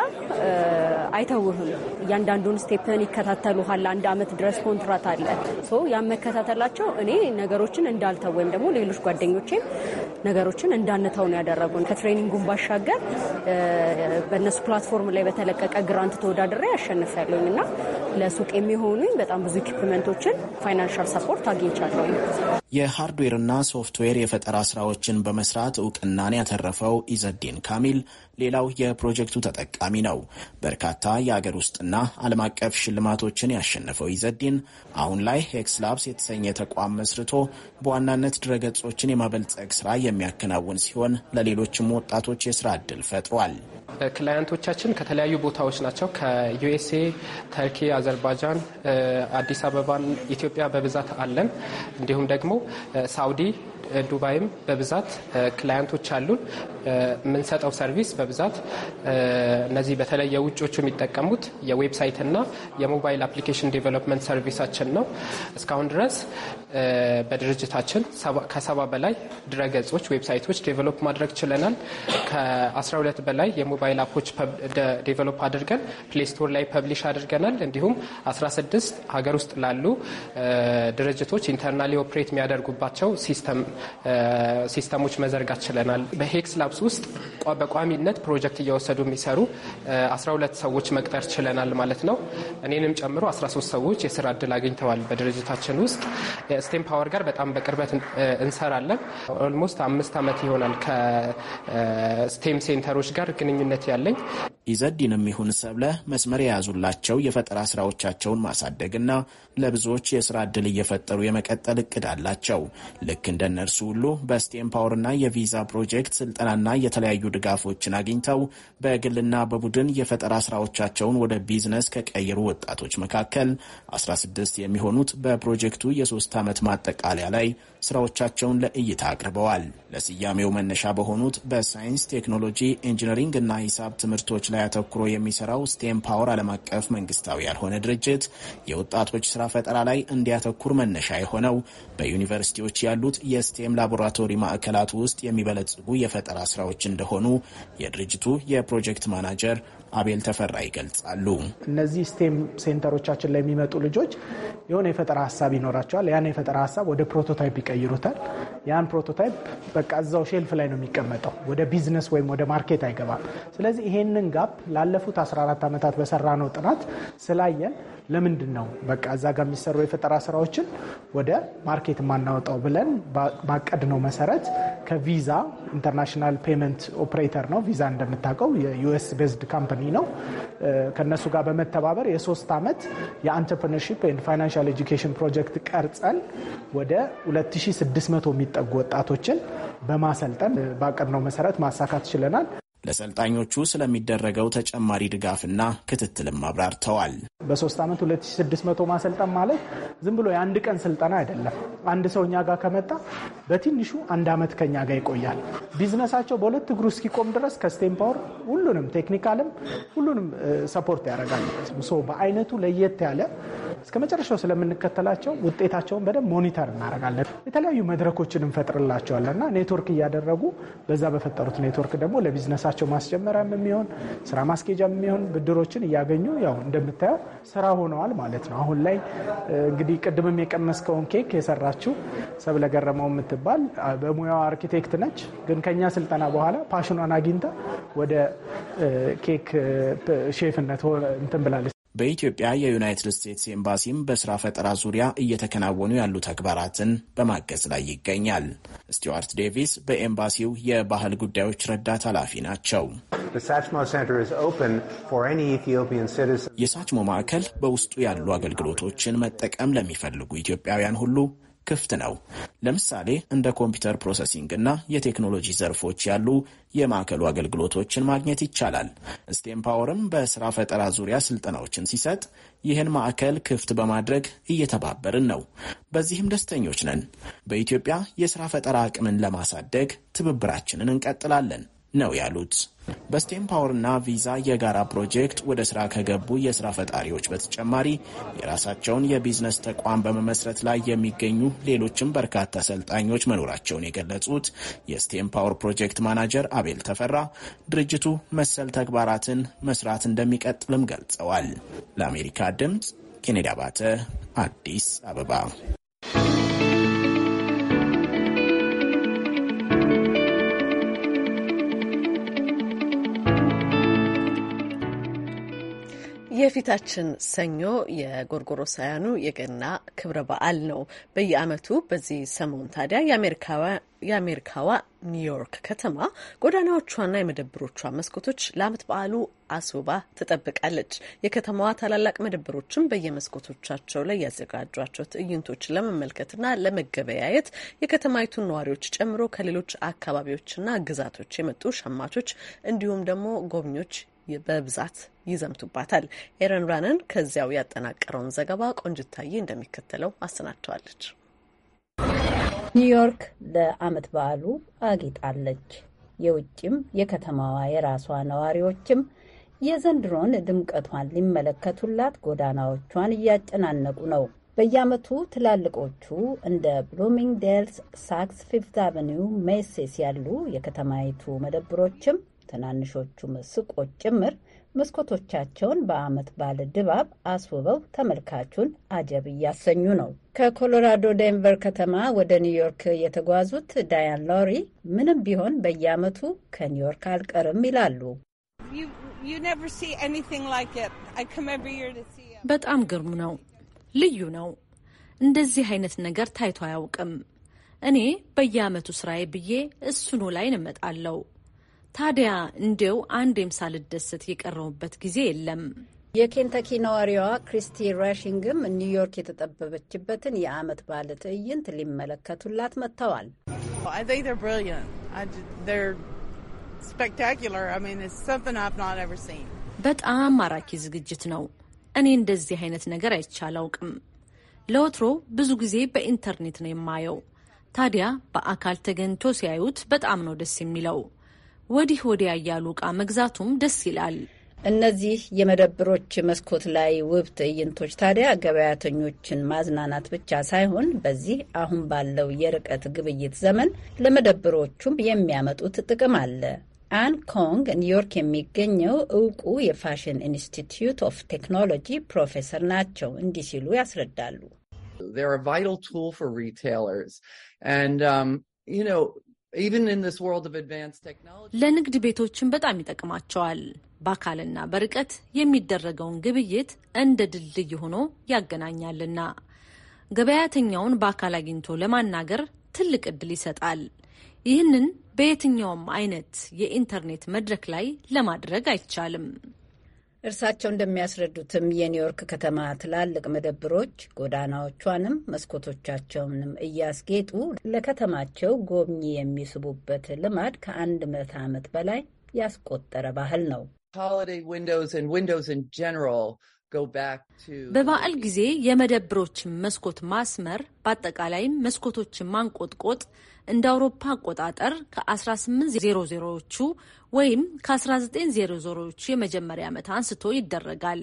አይተውህም። እያንዳንዱን ስቴፕን ይከታተሉሃል። አንድ አመት ድረስ ኮንትራት አለ። ያን መከታተላቸው እኔ ነገሮችን እንዳልተው ወይም ደግሞ ሌሎች ጓደኞቼም ነገሮችን እንዳንተው ነው ያደረጉን። ከትሬኒንጉን ባሻገር በእነሱ ፕላትፎርም ላይ በተለቀቀ ግራንት ተወዳድሬ አሸንፊያለሁኝ እና ለሱቅ የሚሆኑኝ በጣም ብዙ ኢኩፕመንቶችን ፋይናንሻል ሰፖርት አግኝቻለሁኝ። የሃርድዌርና ሶፍትዌር የፈጠራ ስራዎችን በመስራት እውቅናን ያተረፈው ኢዘዲን ካሚል ሌላው የፕሮጀክቱ ተጠቃሚ ነው። በርካታ የአገር ውስጥና ዓለም አቀፍ ሽልማቶችን ያሸነፈው ኢዘዲን አሁን ላይ ሄክስላብስ የተሰኘ ተቋም መስርቶ በዋናነት ድረገጾችን የማበልጸግ ስራ የሚያከናውን ሲሆን ለሌሎችም ወጣቶች የስራ እድል ፈጥሯል። ክላያንቶቻችን ከተለያዩ ቦታዎች ናቸው። ከዩኤስኤ፣ ተርኪ፣ አዘርባጃን አዲስ አበባን፣ ኢትዮጵያ በብዛት አለን። እንዲሁም ደግሞ ሳውዲ ዱባይም በብዛት ክላያንቶች አሉን። የምንሰጠው ሰርቪስ በብዛት እነዚህ በተለይ የውጮቹ የሚጠቀሙት የዌብሳይትና የሞባይል አፕሊኬሽን ዴቨሎፕመንት ሰርቪሳችን ነው። እስካሁን ድረስ በድርጅታችን ከሰባ በላይ ድረገጾች፣ ዌብሳይቶች ዴቨሎፕ ማድረግ ችለናል። ከ12 በላይ የሞባይል አፖች ዴቨሎፕ አድርገን ፕሌስቶር ላይ ፐብሊሽ አድርገናል። እንዲሁም 16 ሀገር ውስጥ ላሉ ድርጅቶች ኢንተርናሊ ኦፕሬት የሚያደርጉባቸው ሲስተሞች መዘርጋት ችለናል። በሄክስ ላብስ ውስጥ በቋሚነት ፕሮጀክት እየወሰዱ የሚሰሩ 12 ሰዎች መቅጠር ችለናል ማለት ነው። እኔንም ጨምሮ 13 ሰዎች የስራ እድል አግኝተዋል። በድርጅታችን ውስጥ ስቴም ፓወር ጋር በጣም በቅርበት እንሰራለን። ኦልሞስት አምስት ዓመት ይሆናል ከስቴም ሴንተሮች ጋር ግንኙነት ያለኝ። ኢዘዲንም ይሁን ሰብለ መስመር የያዙላቸው የፈጠራ ስራዎቻቸውን ማሳደግና ለብዙዎች የስራ እድል እየፈጠሩ የመቀጠል እቅድ አላቸው። ናቸው። ልክ እንደ እነርሱ ሁሉ በስቴም ፓወርና የቪዛ ፕሮጀክት ስልጠናና የተለያዩ ድጋፎችን አግኝተው በግልና በቡድን የፈጠራ ስራዎቻቸውን ወደ ቢዝነስ ከቀየሩ ወጣቶች መካከል 16 የሚሆኑት በፕሮጀክቱ የሶስት ዓመት ማጠቃለያ ላይ ስራዎቻቸውን ለእይታ አቅርበዋል። ለስያሜው መነሻ በሆኑት በሳይንስ ቴክኖሎጂ፣ ኢንጂነሪንግ እና ሂሳብ ትምህርቶች ላይ አተኩሮ የሚሰራው ስቴም ፓወር ዓለም አቀፍ መንግስታዊ ያልሆነ ድርጅት የወጣቶች ስራ ፈጠራ ላይ እንዲያተኩር መነሻ የሆነው በዩኒ ዩኒቨርሲቲዎች ያሉት የስቴም ላቦራቶሪ ማዕከላት ውስጥ የሚበለጽጉ የፈጠራ ስራዎች እንደሆኑ የድርጅቱ የፕሮጀክት ማናጀር አቤል ተፈራ ይገልጻሉ። እነዚህ ስቴም ሴንተሮቻችን ላይ የሚመጡ ልጆች የሆነ የፈጠራ ሀሳብ ይኖራቸዋል። ያን የፈጠራ ሀሳብ ወደ ፕሮቶታይፕ ይቀይሩታል። ያን ፕሮቶታይፕ በቃ እዛው ሼልፍ ላይ ነው የሚቀመጠው፣ ወደ ቢዝነስ ወይም ወደ ማርኬት አይገባም። ስለዚህ ይሄንን ጋፕ ላለፉት 14 ዓመታት በሰራ ነው ጥናት ስላየን ለምንድን ነው በቃ እዛ ጋር የሚሰሩ የፈጠራ ስራዎችን ወደ ማርኬት የማናወጣው ብለን ባቀድ ነው መሰረት ከቪዛ ኢንተርናሽናል ፔመንት ኦፕሬተር ነው ቪዛ እንደምታውቀው የዩኤስ ቤዝድ ካምፓኒ ነው። ከነሱ ጋር በመተባበር የሶስት ዓመት የአንትርፕርነርሺፕ ኤንድ ፋይናንሻል ኤጁኬሽን ፕሮጀክት ቀርጸን ወደ 2600 የሚጠጉ ወጣቶችን በማሰልጠን ባቀድነው መሰረት ማሳካት ችለናል። ለሰልጣኞቹ ስለሚደረገው ተጨማሪ ድጋፍና ክትትልም አብራርተዋል። በሶስት ዓመት 2600 ማሰልጠን ማለት ዝም ብሎ የአንድ ቀን ስልጠና አይደለም። አንድ ሰው እኛ ጋር ከመጣ በትንሹ አንድ ዓመት ከኛ ጋር ይቆያል። ቢዝነሳቸው በሁለት እግሩ እስኪቆም ድረስ ከስቴም ፓወር ሁሉንም ቴክኒካልም ሁሉንም ሰፖርት ያደርጋል። በአይነቱ ለየት ያለ እስከ መጨረሻው ስለምንከተላቸው ውጤታቸውን በደንብ ሞኒተር እናደርጋለን። የተለያዩ መድረኮችን እንፈጥርላቸዋለን እና ኔትወርክ እያደረጉ በዛ በፈጠሩት ኔትወርክ ደግሞ ለቢዝነሳቸው ማስጀመሪያም የሚሆን ስራ ማስኬጃ የሚሆን ብድሮችን እያገኙ ያው እንደምታየው ስራ ሆነዋል ማለት ነው። አሁን ላይ እንግዲህ ቅድምም የቀመስከውን ኬክ የሰራችው ሰብለ ገረመው የምትባል በሙያው አርኪቴክት ነች። ግን ከኛ ስልጠና በኋላ ፓሽኗን አግኝታ ወደ ኬክ ሼፍነት እንትን ብላለች። በኢትዮጵያ የዩናይትድ ስቴትስ ኤምባሲም በስራ ፈጠራ ዙሪያ እየተከናወኑ ያሉ ተግባራትን በማገዝ ላይ ይገኛል። ስቲዋርት ዴቪስ በኤምባሲው የባህል ጉዳዮች ረዳት ኃላፊ ናቸው። የሳችሞ ማዕከል በውስጡ ያሉ አገልግሎቶችን መጠቀም ለሚፈልጉ ኢትዮጵያውያን ሁሉ ክፍት ነው። ለምሳሌ እንደ ኮምፒውተር ፕሮሰሲንግ እና የቴክኖሎጂ ዘርፎች ያሉ የማዕከሉ አገልግሎቶችን ማግኘት ይቻላል። ስቴም ፓወርም በስራ ፈጠራ ዙሪያ ስልጠናዎችን ሲሰጥ ይህን ማዕከል ክፍት በማድረግ እየተባበርን ነው። በዚህም ደስተኞች ነን። በኢትዮጵያ የስራ ፈጠራ አቅምን ለማሳደግ ትብብራችንን እንቀጥላለን። ነው ያሉት። በስቴም ፓወርና ቪዛ የጋራ ፕሮጀክት ወደ ስራ ከገቡ የስራ ፈጣሪዎች በተጨማሪ የራሳቸውን የቢዝነስ ተቋም በመመስረት ላይ የሚገኙ ሌሎችም በርካታ ሰልጣኞች መኖራቸውን የገለጹት የስቴም ፓወር ፕሮጀክት ማናጀር አቤል ተፈራ ድርጅቱ መሰል ተግባራትን መስራት እንደሚቀጥልም ገልጸዋል። ለአሜሪካ ድምፅ ኬኔዲ አባተ አዲስ አበባ የፊታችን ሰኞ የጎርጎሮሳውያኑ የገና ክብረ በዓል ነው። በየዓመቱ በዚህ ሰሞን ታዲያ የአሜሪካዋ ኒውዮርክ ከተማ ጎዳናዎቿና የመደብሮቿ መስኮቶች ለዓመት በዓሉ አስውባ ትጠብቃለች። የከተማዋ ታላላቅ መደብሮችም በየመስኮቶቻቸው ላይ ያዘጋጇቸው ትዕይንቶች ለመመልከትና ለመገበያየት የከተማይቱን ነዋሪዎች ጨምሮ ከሌሎች አካባቢዎችና ግዛቶች የመጡ ሸማቾች እንዲሁም ደግሞ ጎብኚዎች በብዛት ይዘምቱባታል። ኤረን ራነን ከዚያው ያጠናቀረውን ዘገባ ቆንጅታዬ እንደሚከተለው አሰናድተዋለች። ኒውዮርክ ለዓመት በዓሉ አጊጣለች። የውጭም የከተማዋ የራሷ ነዋሪዎችም የዘንድሮን ድምቀቷን ሊመለከቱላት ጎዳናዎቿን እያጨናነቁ ነው። በየዓመቱ ትላልቆቹ እንደ ብሉሚንግዴልስ፣ ሳክስ ፊፍት አቨኒው፣ ሜሴስ ያሉ የከተማይቱ መደብሮችም ትናንሾቹ ሱቆች ጭምር መስኮቶቻቸውን በዓመት ባለ ድባብ አስውበው ተመልካቹን አጀብ እያሰኙ ነው። ከኮሎራዶ ዴንቨር ከተማ ወደ ኒውዮርክ የተጓዙት ዳያን ሎሪ ምንም ቢሆን በየዓመቱ ከኒውዮርክ አልቀርም ይላሉ። በጣም ግርም ነው፣ ልዩ ነው። እንደዚህ አይነት ነገር ታይቶ አያውቅም። እኔ በየዓመቱ ስራዬ ብዬ እሱኑ ላይ እንመጣለው ታዲያ እንዲው አንዴም ሳልደሰት የቀረውበት ጊዜ የለም። የኬንታኪ ነዋሪዋ ክሪስቲ ራሽንግም ኒውዮርክ የተጠበበችበትን የአመት ባለ ትዕይንት ሊመለከቱላት መጥተዋል። በጣም ማራኪ ዝግጅት ነው። እኔ እንደዚህ አይነት ነገር አይቼ አላውቅም። ለወትሮ ብዙ ጊዜ በኢንተርኔት ነው የማየው። ታዲያ በአካል ተገኝቶ ሲያዩት በጣም ነው ደስ የሚለው። ወዲህ ወዲያ እያሉ ዕቃ መግዛቱም ደስ ይላል። እነዚህ የመደብሮች መስኮት ላይ ውብ ትዕይንቶች ታዲያ ገበያተኞችን ማዝናናት ብቻ ሳይሆን በዚህ አሁን ባለው የርቀት ግብይት ዘመን ለመደብሮቹም የሚያመጡት ጥቅም አለ። አን ኮንግ ኒውዮርክ የሚገኘው እውቁ የፋሽን ኢንስቲትዩት ኦፍ ቴክኖሎጂ ፕሮፌሰር ናቸው። እንዲህ ሲሉ ያስረዳሉ። ለንግድ ቤቶችን በጣም ይጠቅማቸዋል። በአካልና በርቀት የሚደረገውን ግብይት እንደ ድልድይ ሆኖ ያገናኛልና ገበያተኛውን በአካል አግኝቶ ለማናገር ትልቅ እድል ይሰጣል። ይህንን በየትኛውም አይነት የኢንተርኔት መድረክ ላይ ለማድረግ አይቻልም። እርሳቸው እንደሚያስረዱትም የኒውዮርክ ከተማ ትላልቅ መደብሮች ጎዳናዎቿንም መስኮቶቻቸውንም እያስጌጡ ለከተማቸው ጎብኚ የሚስቡበት ልማድ ከአንድ ምዕተ ዓመት በላይ ያስቆጠረ ባህል ነው። በበዓል ጊዜ የመደብሮችን መስኮት ማስመር፣ በአጠቃላይም መስኮቶችን ማንቆጥቆጥ እንደ አውሮፓ አቆጣጠር ከ1800ዎቹ ወይም ከ1900ዎቹ የመጀመሪያ ዓመት አንስቶ ይደረጋል።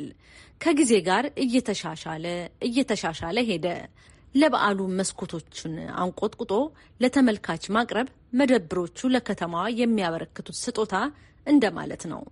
ከጊዜ ጋር እየተሻሻለ እየተሻሻለ ሄደ። ለበዓሉ መስኮቶቹን አንቆጥቁጦ ለተመልካች ማቅረብ መደብሮቹ ለከተማዋ የሚያበረክቱት ስጦታ እንደማለት ነው።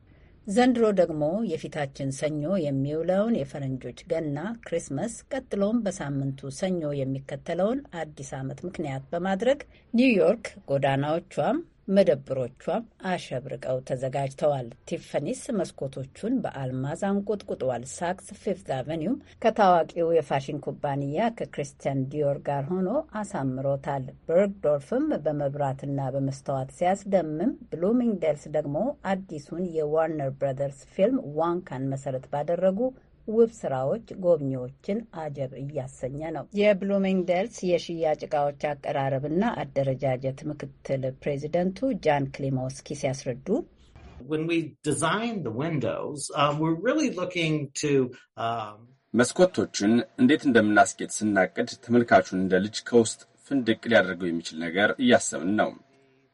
ዘንድሮ ደግሞ የፊታችን ሰኞ የሚውለውን የፈረንጆች ገና ክሪስመስ፣ ቀጥሎም በሳምንቱ ሰኞ የሚከተለውን አዲስ ዓመት ምክንያት በማድረግ ኒውዮርክ ጎዳናዎቿም መደብሮቿም አሸብርቀው ተዘጋጅተዋል። ቲፈኒስ መስኮቶቹን በአልማዝ አንቆጥቁጠዋል። ሳክስ ፊፍዝ አቨኒውም ከታዋቂው የፋሽን ኩባንያ ከክሪስቲያን ዲዮር ጋር ሆኖ አሳምሮታል። በርግዶርፍም በመብራትና በመስተዋት ሲያስደምም፣ ብሉሚንግደልስ ደግሞ አዲሱን የዋርነር ብረደርስ ፊልም ዋንካን መሰረት ባደረጉ ውብ ስራዎች ጎብኚዎችን አጀብ እያሰኘ ነው። የብሉሚንግደልስ የሽያጭ እቃዎች አቀራረብና አደረጃጀት ምክትል ፕሬዚደንቱ ጃን ክሊሞስኪ ሲያስረዱ um, um, መስኮቶቹን እንዴት እንደምናስጌጥ ስናቅድ ተመልካቹን እንደ ልጅ ከውስጥ ፍንድቅ ሊያደርገው የሚችል ነገር እያሰብን ነው።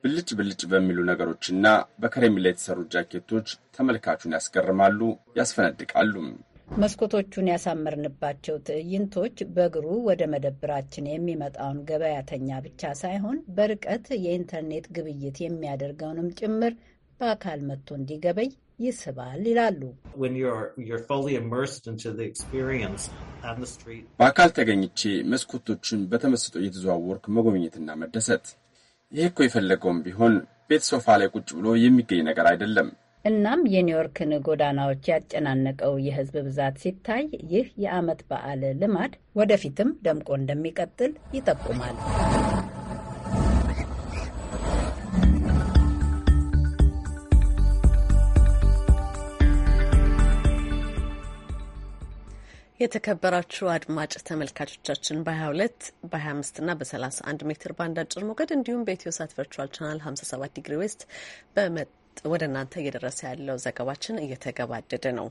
ብልጭ ብልጭ በሚሉ ነገሮችና በከረሜላ የተሰሩ ጃኬቶች ተመልካቹን ያስገርማሉ፣ ያስፈነድቃሉ። መስኮቶቹን ያሳመርንባቸው ትዕይንቶች በእግሩ ወደ መደብራችን የሚመጣውን ገበያተኛ ብቻ ሳይሆን በርቀት የኢንተርኔት ግብይት የሚያደርገውንም ጭምር በአካል መጥቶ እንዲገበይ ይስባል ይላሉ። በአካል ተገኝቼ መስኮቶቹን በተመስጦ እየተዘዋወርክ መጎብኘትና መደሰት፣ ይህ እኮ የፈለገውም ቢሆን ቤት ሶፋ ላይ ቁጭ ብሎ የሚገኝ ነገር አይደለም። እናም የኒውዮርክን ጎዳናዎች ያጨናነቀው የህዝብ ብዛት ሲታይ ይህ የአመት በዓል ልማድ ወደፊትም ደምቆ እንደሚቀጥል ይጠቁማል። የተከበራችሁ አድማጭ ተመልካቾቻችን በ22 በ25 እና በ31 ሜትር ባንድ አጭር ሞገድ እንዲሁም በኢትዮ ሳት ቨርቹዋል ቻናል 57 ዲግሪ ዌስት ወደ እናንተ እየደረሰ ያለው ዘገባችን እየተገባደደ ነው።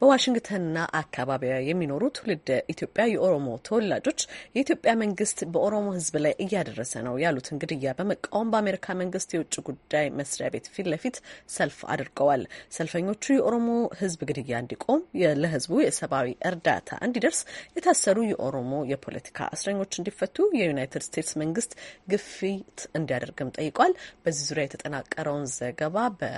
በዋሽንግተንና አካባቢዋ የሚኖሩ ትውልድ ኢትዮጵያ የኦሮሞ ተወላጆች የኢትዮጵያ መንግስት በኦሮሞ ሕዝብ ላይ እያደረሰ ነው ያሉትን ግድያ በመቃወም በአሜሪካ መንግስት የውጭ ጉዳይ መስሪያ ቤት ፊት ለፊት ሰልፍ አድርገዋል። ሰልፈኞቹ የኦሮሞ ሕዝብ ግድያ እንዲቆም፣ ለህዝቡ የሰብአዊ እርዳታ እንዲደርስ፣ የታሰሩ የኦሮሞ የፖለቲካ እስረኞች እንዲፈቱ የዩናይትድ ስቴትስ መንግስት ግፊት እንዲያደርግም ጠይቋል። በዚህ ዙሪያ የተጠናቀረውን ዘገባ በ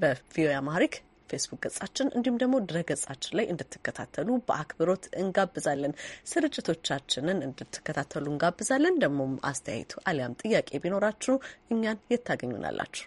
በቪኦኤ አማሪክ ፌስቡክ ገጻችን እንዲሁም ደግሞ ድረ ገጻችን ላይ እንድትከታተሉ በአክብሮት እንጋብዛለን። ስርጭቶቻችንን እንድትከታተሉ እንጋብዛለን። ደግሞ አስተያየቱ አሊያም ጥያቄ ቢኖራችሁ እኛን የት ታገኙናላችሁ?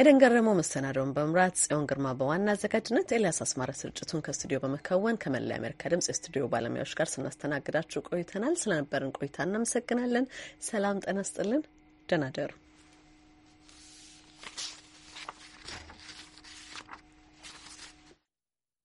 ኤደን ገረመው መሰናደውን በመምራት ጽዮን ግርማ በዋና አዘጋጅነት ኤልያስ አስማረ ስርጭቱን ከስቱዲዮ በመከወን ከመላ አሜሪካ ድምጽ የስቱዲዮ ባለሙያዎች ጋር ስናስተናግዳችሁ ቆይተናል። ስለነበርን ቆይታ እናመሰግናለን። ሰላም ጠነስጥልን ደናደሩ